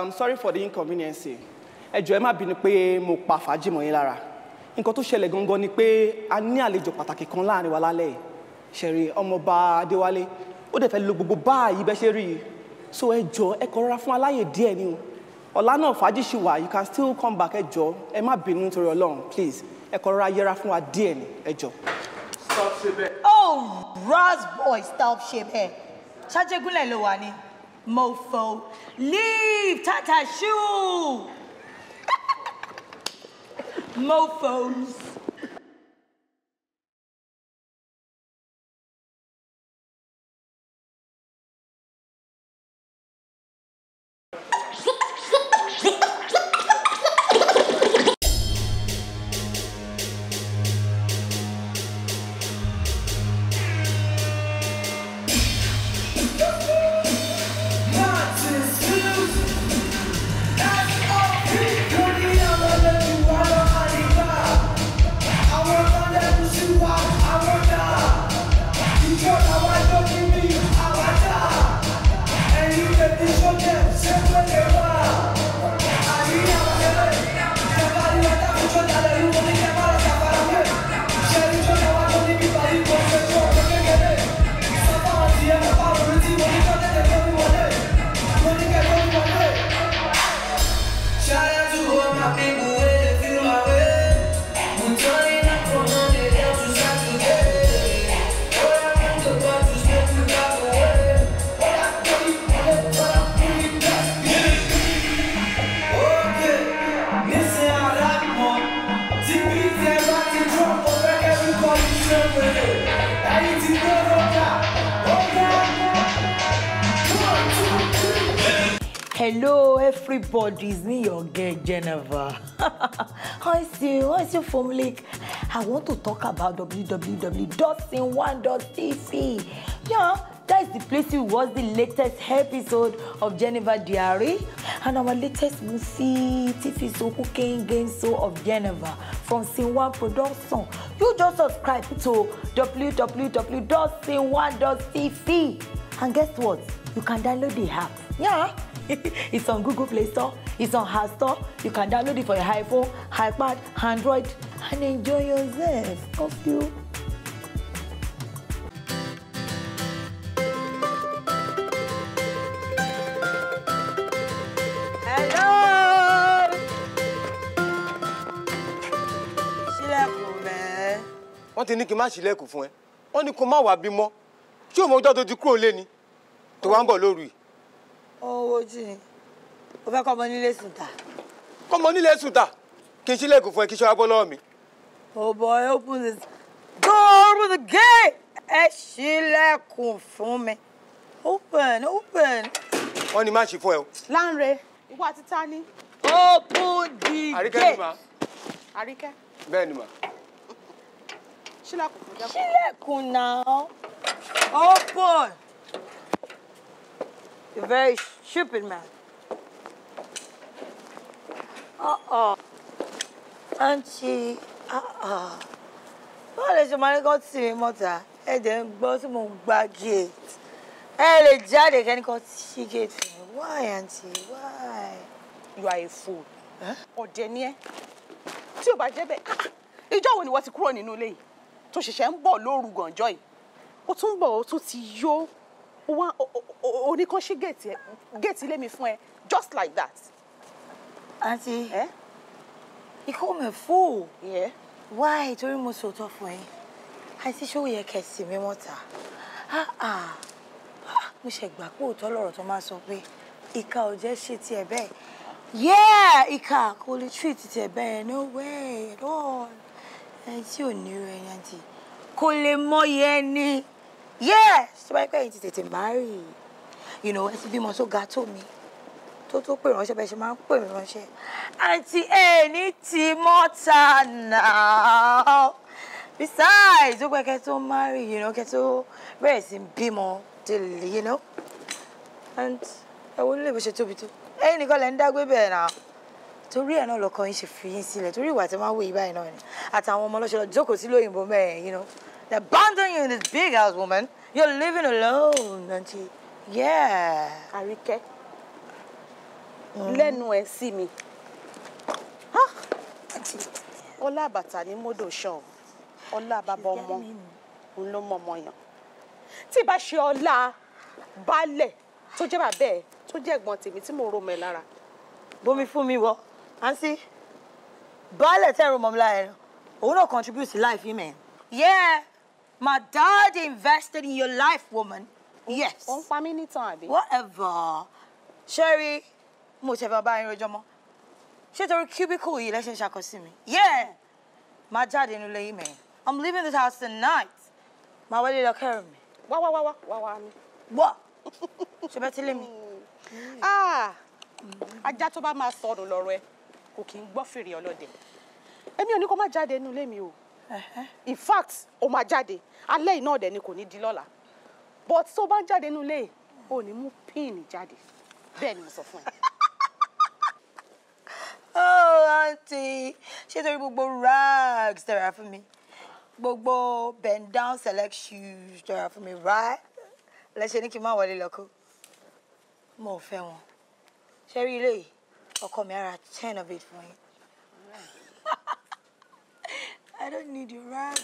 um, sorry for the inconvenience ẹ ẹ má bínú pé mo pa fàájì yín lára nǹkan tó ṣẹlẹ̀ gangan ni pé a ní àlejò pàtàkì kan láàrin wa lálẹ́ yìí ṣẹ̀rí ọmọọba adéwálé ó dẹ̀ fẹ́ lo gbogbo báyìí bẹ́ẹ̀ ṣe rí i so ẹ jọ̀ọ́ ẹ kọ rọra fún aláyè díẹ̀ ni o ọ̀la náà fàájì ṣì wà you can still come back ẹ ẹ má bínú nítorí ọlọ́run please ẹ kọ rọra yẹra fún wa díẹ̀ ni ẹ stop ṣe bẹ́ẹ̀. oh rasboy stop ṣe bẹ́ẹ̀ ṣájégúnlẹ̀ mofo. Leave, Tata Shoe! Mofos. talk about wwwsin www.dotsinone.tv. Yeah, that is the place you watch the latest episode of Geneva Diary and our latest movie, TV show, Cooking Game Show of Geneva from Sin1 Production. You just subscribe to wwwsin www.sinwan.tv and guess what? You can download the app. Yeah. it's on Google Play Store. It's on App Store. You can download it for your iPhone, iPad, Android, and enjoy yourself. Love you. wọ́n ti ní kí n má ṣílẹ̀kùn fún ẹ wọ́n ní kó má wà bímọ tí òun ọjọ́ tó ti kúrò lé ni tó wá ń bọ̀ lóru yìí. owó jì ní o fẹ́ kọ́ ọmọ nílé sùn ta. kọ́ ọmọ nílé sùn ta kí n ṣílẹ̀kùn fún ẹ kí ṣọ́ra bọ́ lọ́wọ́ mi. Oh boy, open this door with the gate. Ẹ ṣílẹ̀kùn fún mi. Open, open. Wọ́n ní má ṣe fún ẹ o. Láńre, ìwọ àti ta ni? Open the gate. Àríkẹ́ ni mà. Àríkẹ́. Bẹ́ẹ̀ ni mà. Ṣílẹ̀kùn fún Jẹ́kọ̀. Ṣílẹ̀kùn náà. Open. You're very stupid man. Uh-oh. Auntie. Ah, ah. báwo lè ṣe máa ní kán tì mí mọ́ta ẹ dẹ̀ ń gbọ́ tí mò ń gba gate ẹ lè jáde kẹ́ni kan ṣí gate mi why aunty why. you are a fool ọ̀dẹ̀ ni ẹ́ tí ò bá jẹ́ bẹ́ẹ̀ ah, ìjọ́ wo ni wọ́n ti kúrò nínú ilé yìí tó ṣẹ̀ṣẹ̀ ń bọ̀ lóru gànjọ́ yìí ó tún bọ̀ ó tún ti yó wá oníkanṣe gate ilé mi fún ẹ just like that. aunty. Eh? You call me a fool? Yeah. Why? Torí mo sòótọ́ fún ẹ. Àìsí ṣó yẹ kẹ̀sì mi mọ́ta. Mo ṣe gbà pé òótọ́ lọ̀rọ̀ tó máa sọ pé ìka ò jẹ́ ṣe tiẹ̀ bẹ́ẹ̀. Yeah! Ìka kò lè treat tiẹ̀ bẹ́ẹ̀ no way at all. Ẹni tí ò ní rẹ̀ ni àǹtí. Kò lè mọyì ẹni. Yeah! Yes, to pé ẹ̀yin ti tètè marry. You know, ẹ ti bímọ so ga tó mi tó tó pè ránṣẹ́ bẹ́ẹ̀ ṣe máa ń pè mí ránṣẹ́ àǹtí ẹni ti mọ́ta náà besides ó pẹ́kẹ́ tó marry you know kẹ́ tó bẹ̀rẹ̀ sí bímọ délé you know and ẹ̀wọ́n lè bó ṣe tóbi tó ẹ̀yin nìkan lẹ́ ń dágbé bẹ́ẹ̀ náà torí ẹ̀ náà lọkọ yín ṣe fi yín sílẹ̀ torí ìwà tí wọ́n wò yí báyìí náà ni àtàwọn ọmọ ọlọ́ṣọ́ jókòó sí lóyìnbó mẹ́ẹ̀ you know they abandon you in this big house woman you're living alone auntie yeah. àríkẹ́ lẹ́nu ẹ̀ sí mi ọlá àbàtà ní mọ́dọ̀ ṣan ọlá bàbá ọmọ òun ló mọ ọmọ yàn tí ì bá ṣe ọlá baálẹ̀ tó jẹ́ bàbá ẹ̀ tó jẹ́ ẹ̀gbọ́n tèmi tí mo romẹ̀ lára. bomi fún mi wọ àǹtí baálẹ̀ tẹ́ romọ̀ mi ẹ̀ òun náà contribute to life yìí mẹ́rin. yeah my dad invested in your life woman. yes. ó ń pa mí nítan àbí. whatever. sherry mo ṣe fẹ́ bá yín rojọ́ mọ́ ṣé torí cubicle yìí lẹ́sẹ̀ ṣàkọsí mi yeah máa jáde nílé yìí mẹ́rin i'm leaving this house tonight máa wọlé lọ kẹrù mi. wá wá wá wá wá wá mi. wọ́ ṣe bẹ́ẹ̀ tílé mi. ajá tó bá máa sọnù lọ́rọ̀ ẹ kò kí ń gbọ́ fèrè ọlọ́dẹ èmi ò ní kó má jáde nínú ilé mi o in fact ó máa jáde alẹ́ iná ọ̀dẹ̀ ni kò ní di lọ́la but tó bá ń jáde nínú ilé ò ní mú píìnì jáde bẹ́ẹ̀ ni mo sọ fún ẹ oh auntie, aunty ṣé torí gbogbo rags tẹ́ for me. mi gbogbo bend down select shoes tẹ́ ra fún mi right Let's see kí n má wọlé lọ́kọ mo ò fẹ́ wọn ṣe rí ilé yìí ọkọ mi ara ten of it for you. I don't need your rag, rags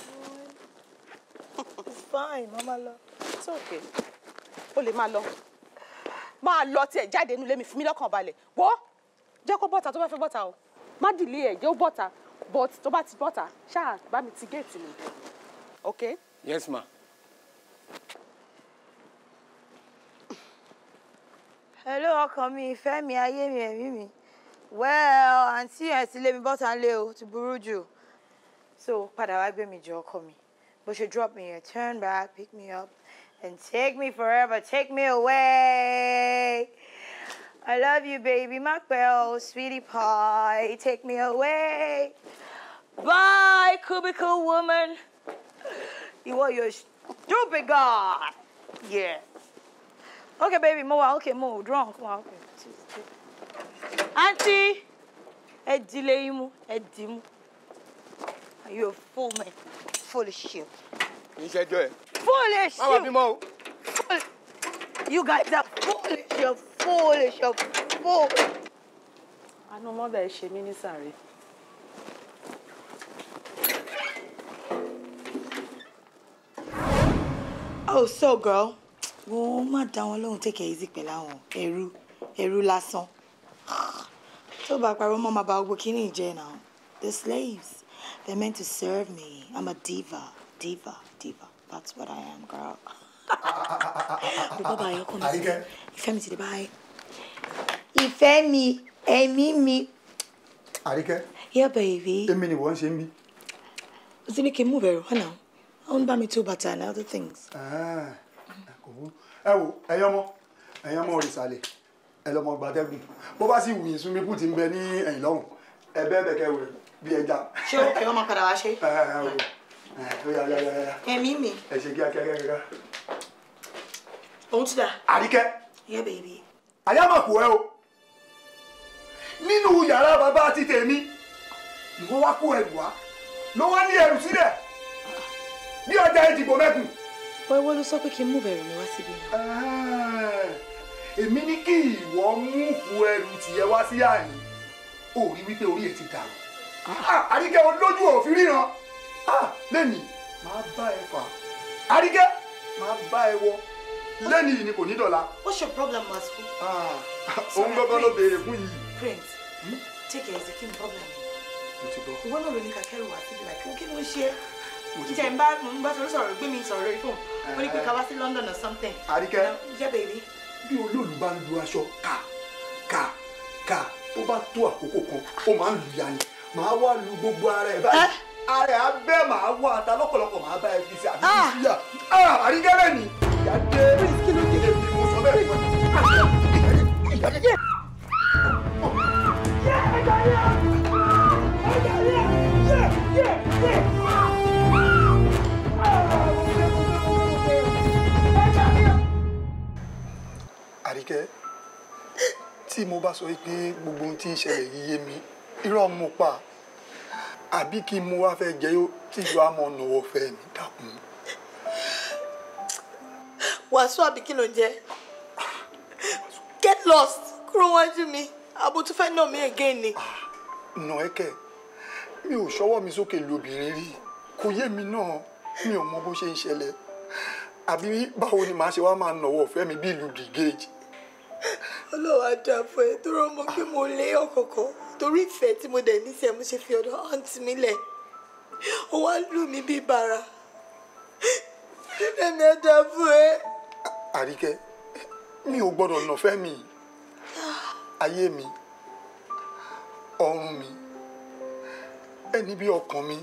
it's fine mama lọ. it's okay o lè máa lọ máa lọ tiẹ̀ jáde me mi fún mi lọ́kàn balẹ̀ jẹ́ kó bọ́ta tó bá fẹ́ bọ́ta o má dìlé ẹ̀ jẹ́ ó bọ́ta but tó bá ti bọ́ta ṣáà bá mi ti géètì mi ok. yes ma. hello ọkàn mi ìfẹ́ mi ayé mi ẹ̀mí mi well àǹtí ẹ̀ ti lé mi bọ́ta lé o ti burú jù so padà wá gbé mi jọ ọkọ mi bó ṣe drop me here turn back pick me up and take me forever take me away. I love you, baby Macbell, sweetie pie, take me away. Bye, cubicle woman. You are your stupid god. Yeah. Okay, baby, more. Okay, more. Drunk. More. Okay. Auntie, ẹ dilé yín mú, ẹ dì mú. You a fool, man. Foolish. shit. You said do Foolish. Full of shit. Full. You guys are foolish, you're foolish, you're foolish. I mọ́dà more than mí ní sorry. Oh, so girl. Wọ́n má dá wọn take it easy pẹ̀lú Eru, Eru ẹrú So back bá parọ́ mọ́ máa ba gbogbo kíní The slaves, they're meant to serve me. I'm a diva, diva, diva. That's what I am, girl bàbá bá yọ ọkọ mi sí ìfẹ́ mi ti di báyìí. ìfẹ́ mi ẹ̀mí mi. àríkẹ́. yẹ bẹ̀rẹ̀. èmi ni wọ́n ṣe ń bí. o ti ní kí n mú bẹ̀rù hàn náà ó ń bá mi tó bàtà and other things. ẹ wo ẹyọ mọ ẹyọ mọ òrìṣàlẹ̀ ẹ lọmọ gbàtẹ́gùn bó bá sì wù yín sunmi kù ti ń bẹ ní ẹ̀yìn lọ́hùn ẹ bẹ́ẹ̀ bẹ̀ kẹwẹ́ bí ẹja. ṣé o kẹ́ ọmọ padà wá ṣe. ẹ̀mí mi. ẹ ṣe kíákíá kíákíá òun ti dà. àríkẹ́. yẹ bèbí. àyà máa kú ẹ o nínú yàrá bàbá àti tèmi ni wọ́n wá kó ẹrù wá ló wá ní ẹrù sílẹ̀ ní ọjà ìdìbò mẹ́kùn. wẹ́wọ́ ló sọ pé kí n mú bẹ̀rù mi wá síbi náà. èmi ní kí ìwọ mú hu ẹrù tìyẹ wá sí àyè ó rí wípé orí ẹ ti dàrú. Ah. Ah, àríkẹ́ olójú òfin ríran ah, lẹ́nìí máa bá ẹ fà àríkẹ́ máa bá ẹ wọ lẹ́ni yìí ni kò ní dọ̀la. what's your problem Masu? Ah, òun gbọ́gbọ́ ló béèrè fún yìí. prince hmm? take care of the ni problem yìí. mo ti bọ́. ìwọ náà ló ní kakẹ́rù wá síbi láì kí ló ń ṣe é. jíjà ń bá mo ń bá sọ̀rọ̀ sọ̀rọ̀ gbé mi sọ̀rọ̀ rẹ fún un ó ní pé eh, ká eh. sí London or something. àríkẹ́ jẹ́ bèbí. bí olóòlù bá ń lu aṣọ ká ká ká tó bá tó àkókò kan ó máa ń lu ya ni màá wá lu gbogbo ara ẹ̀ báyìí eh? ara ẹ̀ á màá wá ata lọ́pọ̀lọpọ̀ màá bá ẹ fi ṣe àbí ṣíyà ah! ah, àríkẹ́ bẹ́ẹ̀ ìyá dé. kí ló dé èmi mo sọ bẹ́ẹ̀ fún ẹ. ìyá dé. Àríkẹ́ tí mo bá sọ pé gbogbo ohun tí ń ṣẹlẹ̀ yìí yé mi irọ́ mo pa àbí kí mo wá fẹ́ jẹ́ tí ìlú àmọ́ ọ̀nà ọ̀fẹ́ mi dákun wàásù àbí kí ló ń jẹ́ get lost kúrò wájú mi àbò tó fẹ́ nà mí again ni. Ah, nà ẹ kẹ mi ò ṣọwọ́ mi sókè lóbìnrin rí kò yé mi náà mi ò mọ bó ṣe ń ṣẹlẹ̀ àbí báwo ni màá ṣe wá máa nàwọ́ ọ̀fẹ́ mi bí ìlú brigade. ọlọ́wọ́ ajá fún ẹ pé mo lé ọ̀kọ̀ọ̀kan torí ìfẹ́ tí mo dẹ̀ ní sí mo ṣe fi ọ̀dọ̀ àǹtí mi lẹ̀ ó wá lù mí bí bàrà. ẹ̀mí ajá fún ẹ àríkẹ́ mi ò gbọ́dọ̀ nà fẹ́ mi ayé mi ọrùn mi ẹni bí ọkàn mi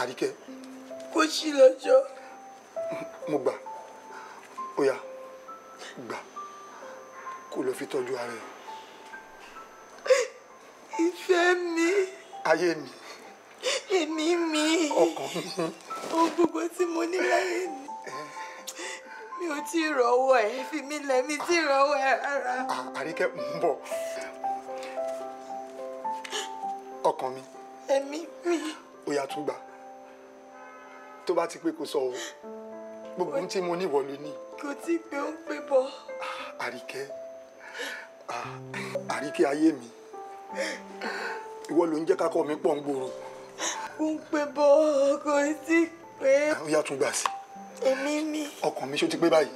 àríkẹ́. kò sí lọ́jọ́. mo gbà ó yá gbà kó lọ fi tọ́jú ara ẹ̀. ìfẹ́ mi. ayé mi. èmi mi. ọkàn mi o gbogbo tí mo ní láyé ni mi ò tí ì rọ́wọ́ ẹ̀ fi mí lẹ̀ mi tí ì rọ́wọ́ ẹ̀ rárá. àríkẹ́ ń bọ̀ ọkàn mi. ẹ̀mí mi. ó yá tún gbà tó bá ti pé kó sọ o gbogbo ohun tí mo ní ìwọ ló ní. kò tí ì pé ó ń pé bọ̀. àríkẹ́ àríkẹ́ ayé mi ìwọ ló ń jẹ́ kákọ́ mi pọ̀ ń gbòòrò. ó ń pé bọ̀ kò tí ì pé. àwọn ìyá tún gbà sí. èmi mi. ọkàn mi ṣó ti pé báyìí.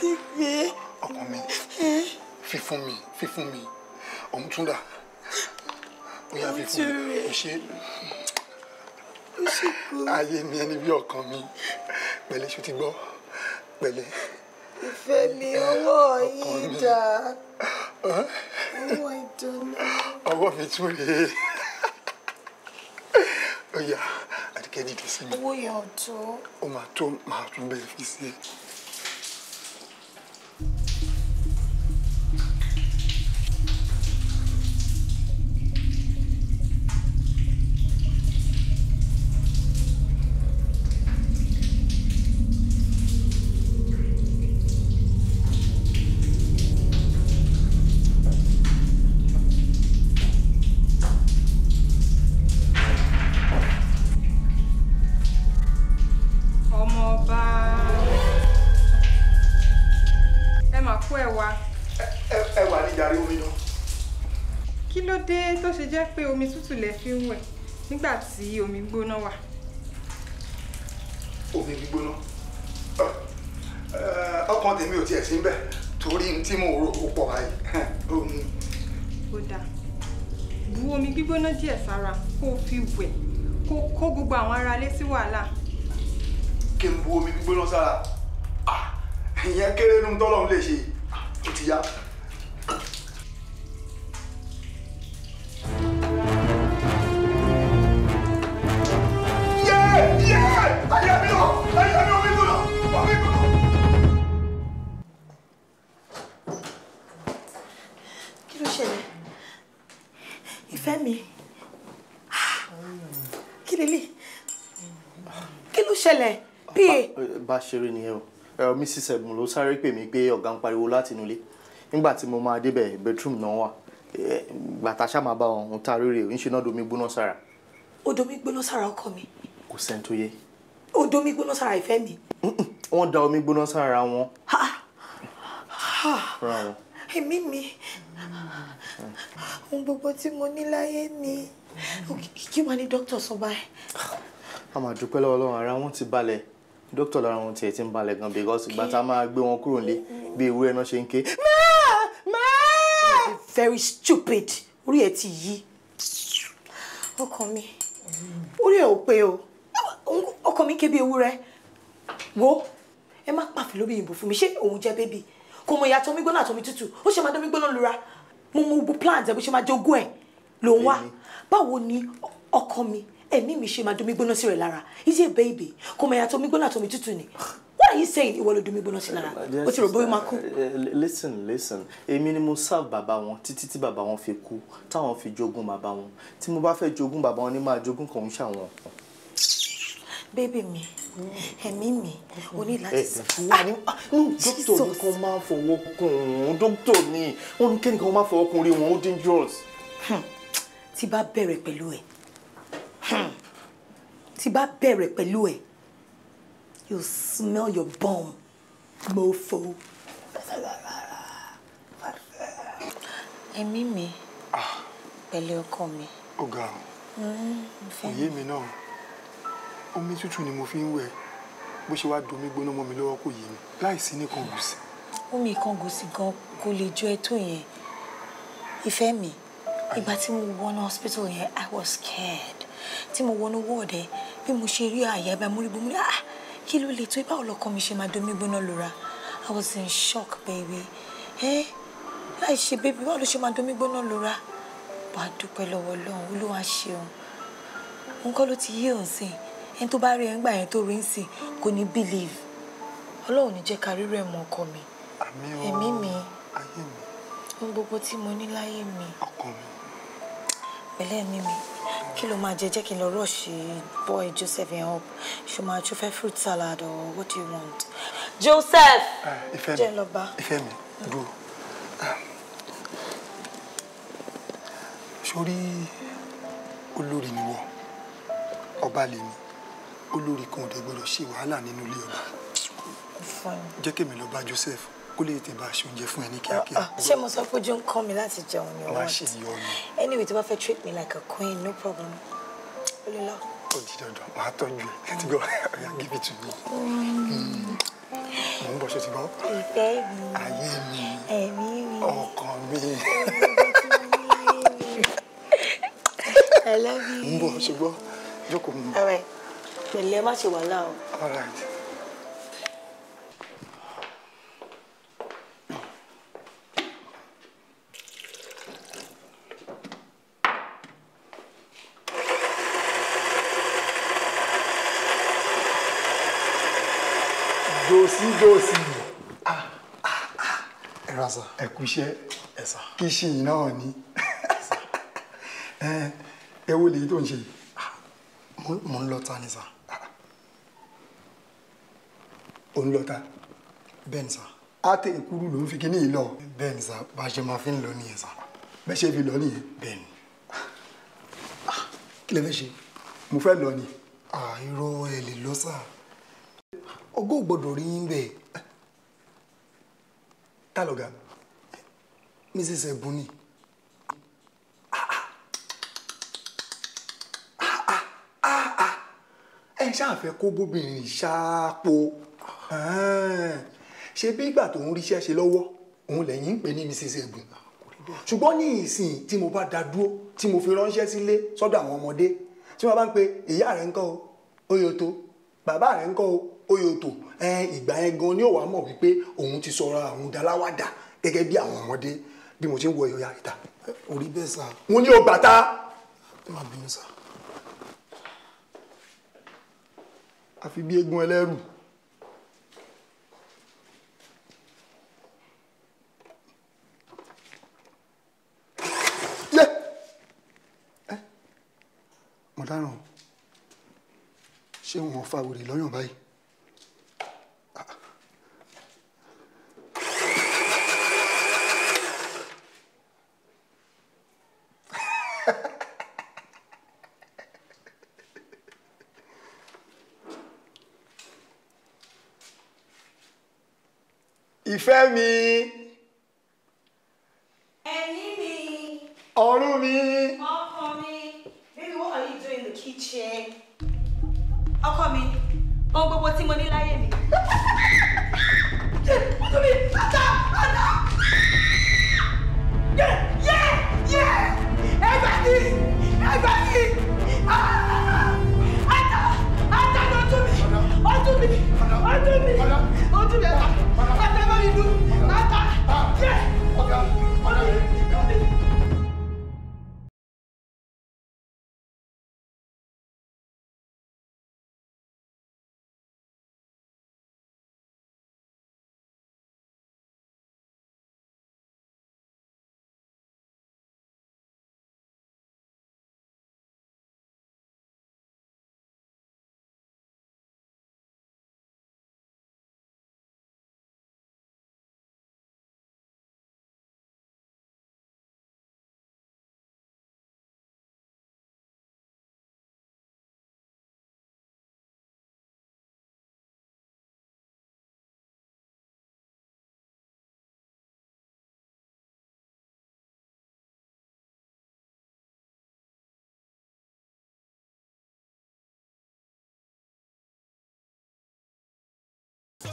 ti pé. ọkàn mi fífún mi fífún mi òun tún dà bóyá fífún mi kò ṣe ayé mi ẹni bí ọkàn mi pẹ̀lẹ́ ṣó ti gbọ́ pẹ̀lẹ́. ìfẹ́ mi ọwọ́ yìí dà ọwọ́ ìdáná. ọwọ́ mi tún rèé yá àdìkẹ́ dìde sí mi. owó yẹn ò tó. ó máa tó máa tún bẹ̀rẹ̀ fi kí ló dé tó ṣe jẹ́ pé omi tútù lẹ fi ń wẹ̀ nígbà tí omi gbóná wà. omi gbígbóná eh, ọkàn tèmi ò tiẹ̀ sí bẹ́ẹ̀ torí tí mo rò ó pọ̀ ayé omi. ó dáa bu omi gbígbóná díẹ̀ sára kó o fi wẹ̀ kó kó gbogbo àwọn aráalé sí wàhálà. kí n bu omi gbígbóná sára ah, ìyẹn kéré nínú tọ́lọ́run lè ṣe ah, ó ti yá. bá ṣeré ni ẹ o ẹ Mrs. Ẹ̀bùn ló sáré pè mí pé ọ̀gá ń pariwo láti inú ilé nígbà tí mo máa débẹ̀ bedroom náà wà bàtà ṣá máa bá wọn ta rere ò ń ṣe náà domi gbóná sára. odò mi gbóná sára ọkọ mi. kò sẹ́ni tó yé. odò mi gbóná sára ìfẹ́ mi. wọ́n da omi gbóná sára wọn. èmi mi ohun gbogbo tí mo ní láyé ni kí wàá ní dókítà sọ báyìí. a máa dúpẹ́ lọ́wọ́ Ọlọ́run ara wọn ti balẹ̀ dókítà lára wọn tiẹ̀ ti ń balẹ̀ gan because ìgbà tá a máa gbé wọn kúrò nílé mm, mm. bí ewúrẹ́ náà ṣe ń ké. máa máa. Mm. very stupid orí ẹ ti yí ọkàn mi orí ẹ ò pé o ọkàn mi ké bí ewúrẹ́ wo ẹ má pàfẹ́ lóbi ìbò fún mi ṣé òun jẹ́ bébì kò mọ ìyàtọ̀ omi gbóná àtọ̀mí tútù ó ṣe máa dán mi gbóná lura mo mọ gbogbo plant ẹ bó ṣe máa jogún ẹ lòun wá báwo ni ọkàn mi ẹ̀mí mi ṣe máa domi gbóná sí rẹ̀ lára is it baby kò mọ̀ yàtọ̀ omi gbóná àtọ̀ omi tútù ni what are you saying ìwọ ló domi gbóná sí lára o ti rò bóyá máa kú. Eh, eh, listen listen èmi ni mo serve bàbá wọn títí tí bàbá wọn fi kú táwọn fi jogún bàbá wọn tí mo bá fẹ́ jogún bàbá wọn ni máa jogún kàn ń ṣàwọn. bébì mi ẹ̀mí mi o ní láti eh, sọ. dókítà ní ah, ah, hmm, kò máa fọwọ́ kún un dókítà ní wọn ní kẹ́nìkan máa fọwọ́ kún rí wọn ó dangerous. Hmm. tí bá bẹ̀rẹ̀ pẹ̀lú ẹ̀ Hmm. tí bá bẹ̀rẹ̀ pẹ̀lú ẹ̀ you smell your bum mofo. ẹ̀mí mi ah. pẹ̀lú ọkọ mi. ó ga hmm, òye mi náà omi tútù ni mo fi ń wẹ̀ bó ṣe wá domi gbóná mọ́ mi lọ́wọ́ kò yé mi láìsí nìkan gùsì. omi kan gùsì gan kò lè jọ ẹ tó yẹn ìfẹ́ mi ìgbà tí mo wọnú hospital yẹn i was scared tí mo wọnú wọ́ọ̀dẹ bí mo ṣe rí àyà ibà mo rí bomi ah kí ló lè tó ibà ọlọ́kọ mi ṣe máa domi gbóná lura I was in shock baby ẹ láì ṣe baby báwo ló ṣe máa domi gbóná lura wà á dúpẹ́ lọ́wọ́ Ọlọ́run Olúwa ṣeun nǹkan ló ti yé òun sìn ẹni tó bá rí ẹ̀ńgbà yẹn tó rí ń sìn kò ní believe Ọlọ́run ní jẹ́ ká rírọ ẹ̀mọ ọkọ mi ẹ̀mí mi ohun gbogbo tí mo ní láyé mi ọkọ mi pẹ̀lẹ́ mi mi kí ló máa jẹ jẹ́ kí n lọ rọ́ọ̀ṣì boy Joseph yẹn up ṣe máa tún fẹ́ fruit salad or what do you want. Joseph ah, jẹ́ lọ bá. ìfẹ́ mi dúró sórí olórí ni wọ́n ọba lè ní olórí kan ò dẹ̀ gbọ́dọ̀ ṣe wàhálà nínú ilé ọba jẹ́ kémi lọ bá Joseph kó lè tẹ̀ bá aṣọ oúnjẹ fún ẹ ní ah, kíákíá. Ah, ṣé mo sọ pé ojú kọ́ mi láti jẹun ni wọ́n ti anyway tó bá fẹ́ treat me like a queen no problem ó lè lọ. ó di dandan wàá tọ́jú ẹ láti gbọ́ ọ̀yà give it to me. mo ń bọ̀ ṣe ti gbọ́. ìfẹ́ mi ayé mi ẹ̀mí mi ọkàn mi. I love you. mo ń bọ̀ ṣe gbọ́ jókòó mi. pẹ̀lẹ́ má ṣe wàhálà o. all right. sí gòsì ah, ah, ah. ẹ̀rọ sà ẹ̀kú iṣẹ́ ẹ̀sà kíṣìn náà ni ẹ wo lèyí tó ń ṣe mò ń lọta ni sà ò ń lọta bẹ́ẹ̀ ni sà á tẹ ìkúrú ló ń fi kíní yìí lọ bẹ́ẹ̀ ni sà bá a ṣe máa fi ń lọ nìyẹn sà bẹ́ẹ̀ ṣe fi lọ nìyẹn bẹ́ẹ̀ ni kí lè fẹ́ ṣe mo fẹ́ lọ ni. àìrò ẹ̀ lè lọ sáà ọgọ gbọ́dọ̀ rí yín bẹ́ẹ̀ ta lọ̀gá mrs ẹbùn ni ẹ ṣáàfẹ́ kó bóbìnrin ṣáàpò ṣe bí ìgbà tó ń ríṣẹ́ ṣe lọ́wọ́ òun lẹ́yìn ń pè ní mrs ẹbùn ṣùgbọ́n ní ìsìn tí mo bá dá dúró tí mo fi ránṣẹ́ sílé sọ́dọ̀ àwọn ọmọdé tí wọ́n bá ń pe ìyá rẹ̀ ń kọ́ ó yọ tó bàbá rẹ̀ ń kọ́ oyòtò ìgbà yẹn gan ni ó wàá mọ̀ wípé òun ti sọ̀rọ̀ àwọn daláwàdà gẹ́gẹ́ bí àwọn ọmọdé bí mo ti ń wọ ìyọ̀yà ìta. orí bẹ́ẹ̀ sà. mo ní o bàtà. ẹ má bínú sà. àfi bí eégún ẹlẹ́rù. fa wèrè lọ́yàn báyìí. ìfẹ́ mi.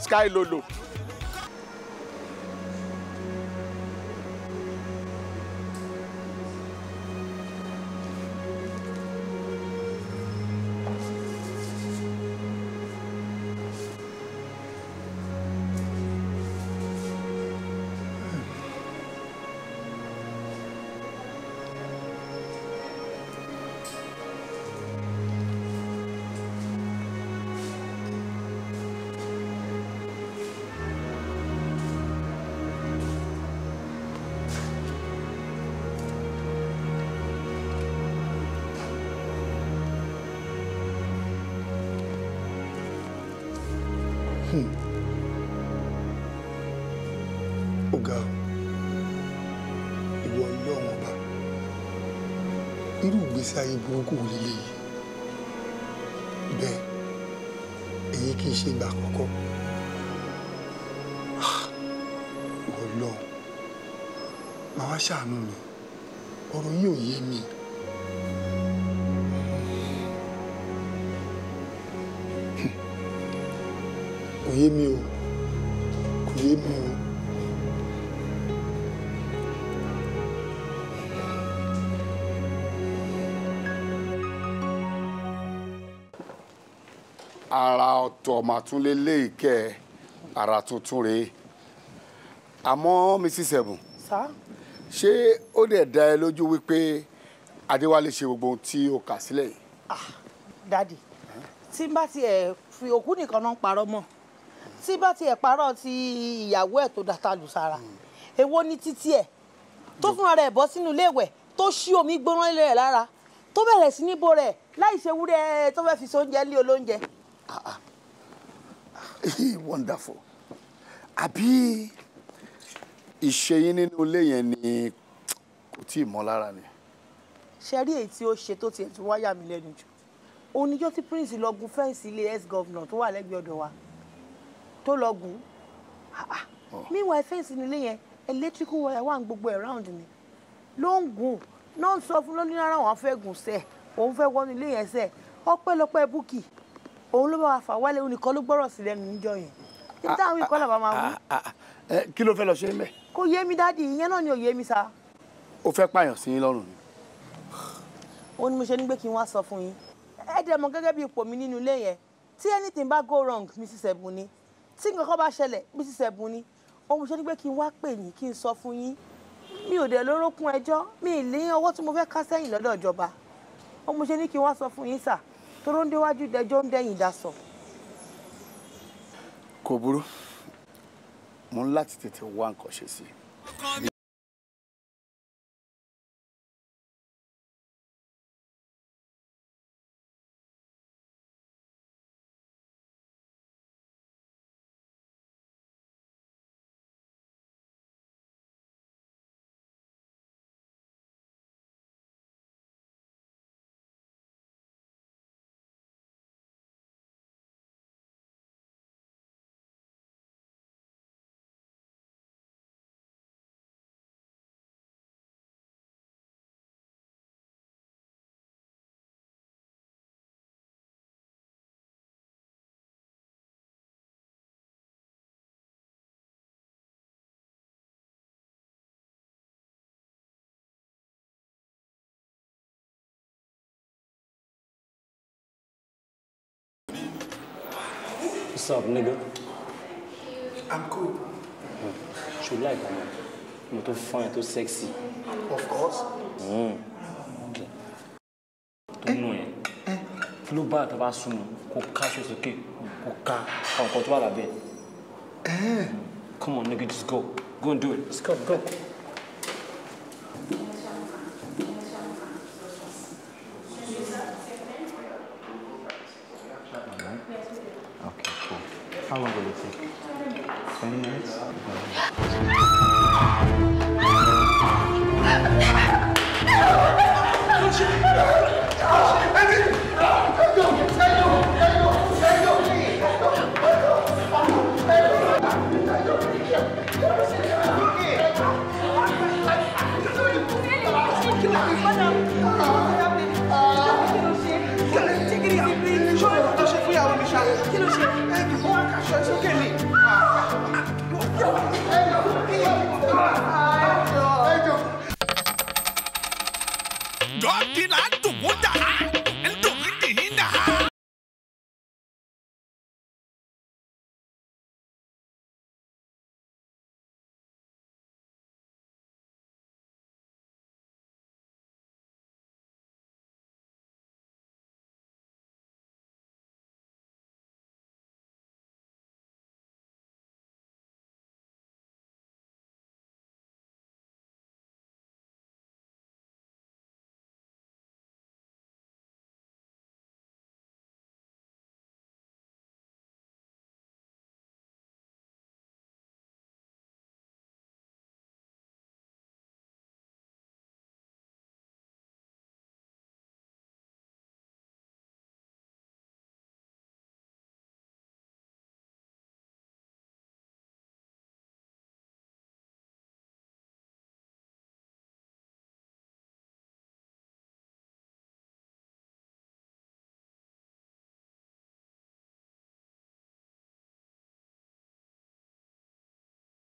Sky Lolo. ìgbésí ayé burúkú líle yìí bẹ́ẹ̀ èyí kì í ṣe ìgbà àkọ́kọ́ ah, Ọlọ́run màá wá ṣàánú mi ọ̀rọ̀ yìí ò yé mi. ọ̀tọ̀ màtúnlé léèkẹ́ ara tuntun rèé àmọ́ Mrs. Seven ṣé ó dẹ̀ dá ẹ lójú wípé Adéwálé ṣe gbogbo ohun tí o kà sílẹ̀ yìí. Ah, dadi tí n bá tiẹ̀ fi òkú nìkan náà parọ́ mọ́ tí n bá tiẹ̀ parọ́ ti ìyàwó ẹ̀ tó dàtà lù sára èwo ni títí ẹ̀ tó fún ara ẹ̀ bọ́ sínú iléèwẹ̀ tó ṣí omi gbóná lé ẹ̀ lára tó bẹ̀rẹ̀ sí níbo rẹ̀ láì ṣe wúrẹ́ tó fẹ́ fi sóúnjẹ lé olóúnjẹ. Ah, ah wonderful àbí ìṣe yín nínú ilé yẹn ni kò tí ì mọ́ lára ni. ṣe rí èyí tí ó ṣe tó tiẹ̀ tún wáyà mí lẹ́nu jù òun tí prince lọ gun fẹ́ǹsì ilé ex governor tó wà lẹ́gbẹ̀ẹ́ ọ̀dọ̀ wa tó lọ gùn ah, ah. Oh. meanwhile fẹ́ǹsì nílé yẹn electrical wire wà ní gbogbo ẹ̀ ni ló ń gùn náà ń sọ fún lónìí rárá wọn fẹ́ gùn sẹ́ẹ̀ òun fẹ́ wọnú ilé yẹn sẹ́ẹ̀ ọpẹ́lọpẹ́ búkì òun ló bá wa fà wálé òun nìkan ló gbọ́rọ̀ sí lẹ́nu níjọ yẹn ibi táwọn ikọ́ làbá máa wú. Ah, ah, ah, kí ló fẹ́ lọ ṣe mẹ́. kò yé mi dáàdi ìyẹn náà ni ò yé mi sa. ó fẹ́ pààyàn sí yín lọ́rùn ni. ó ní mo ṣe ní pé kí n wá sọ fún yín ẹ dẹ̀ mọ̀ gẹ́gẹ́ bí ipò mi nínú ilé yẹn tí anything bá go wrong Mrs. Ebuni tí nǹkan kan bá ṣẹlẹ̀ Mrs. Ebuni ó mo ṣe ní pé kí n wá pè yín kí n sọ fún yín mi ò dẹ̀ lórókun ẹjọ́ mi ì lé ọwọ́ tí mo fẹ́ ká sẹ́yìn lọ́dọ̀ ìjọba ó mo ṣe ní kí n wá sọ fún yín sà toró ń déwájú ìdẹjọ́ ń dẹ̀yìn dasọ. kò burú mo ń láti tètè wá nǹkan ṣe sí i. What's up, nigga? I'm cool. Mm. You like am? Mo too fine, too sexy. Of course. Mm. Okay. Nínú yẹn, kí ló bá àtọ́ bá súnmọ́ Coca. ká ṣe sókè kó ká ọ̀pọ̀ tó wà lábẹ́. Eh? Mm. Come on, nigga, just go. Go and do it. Let's go, go.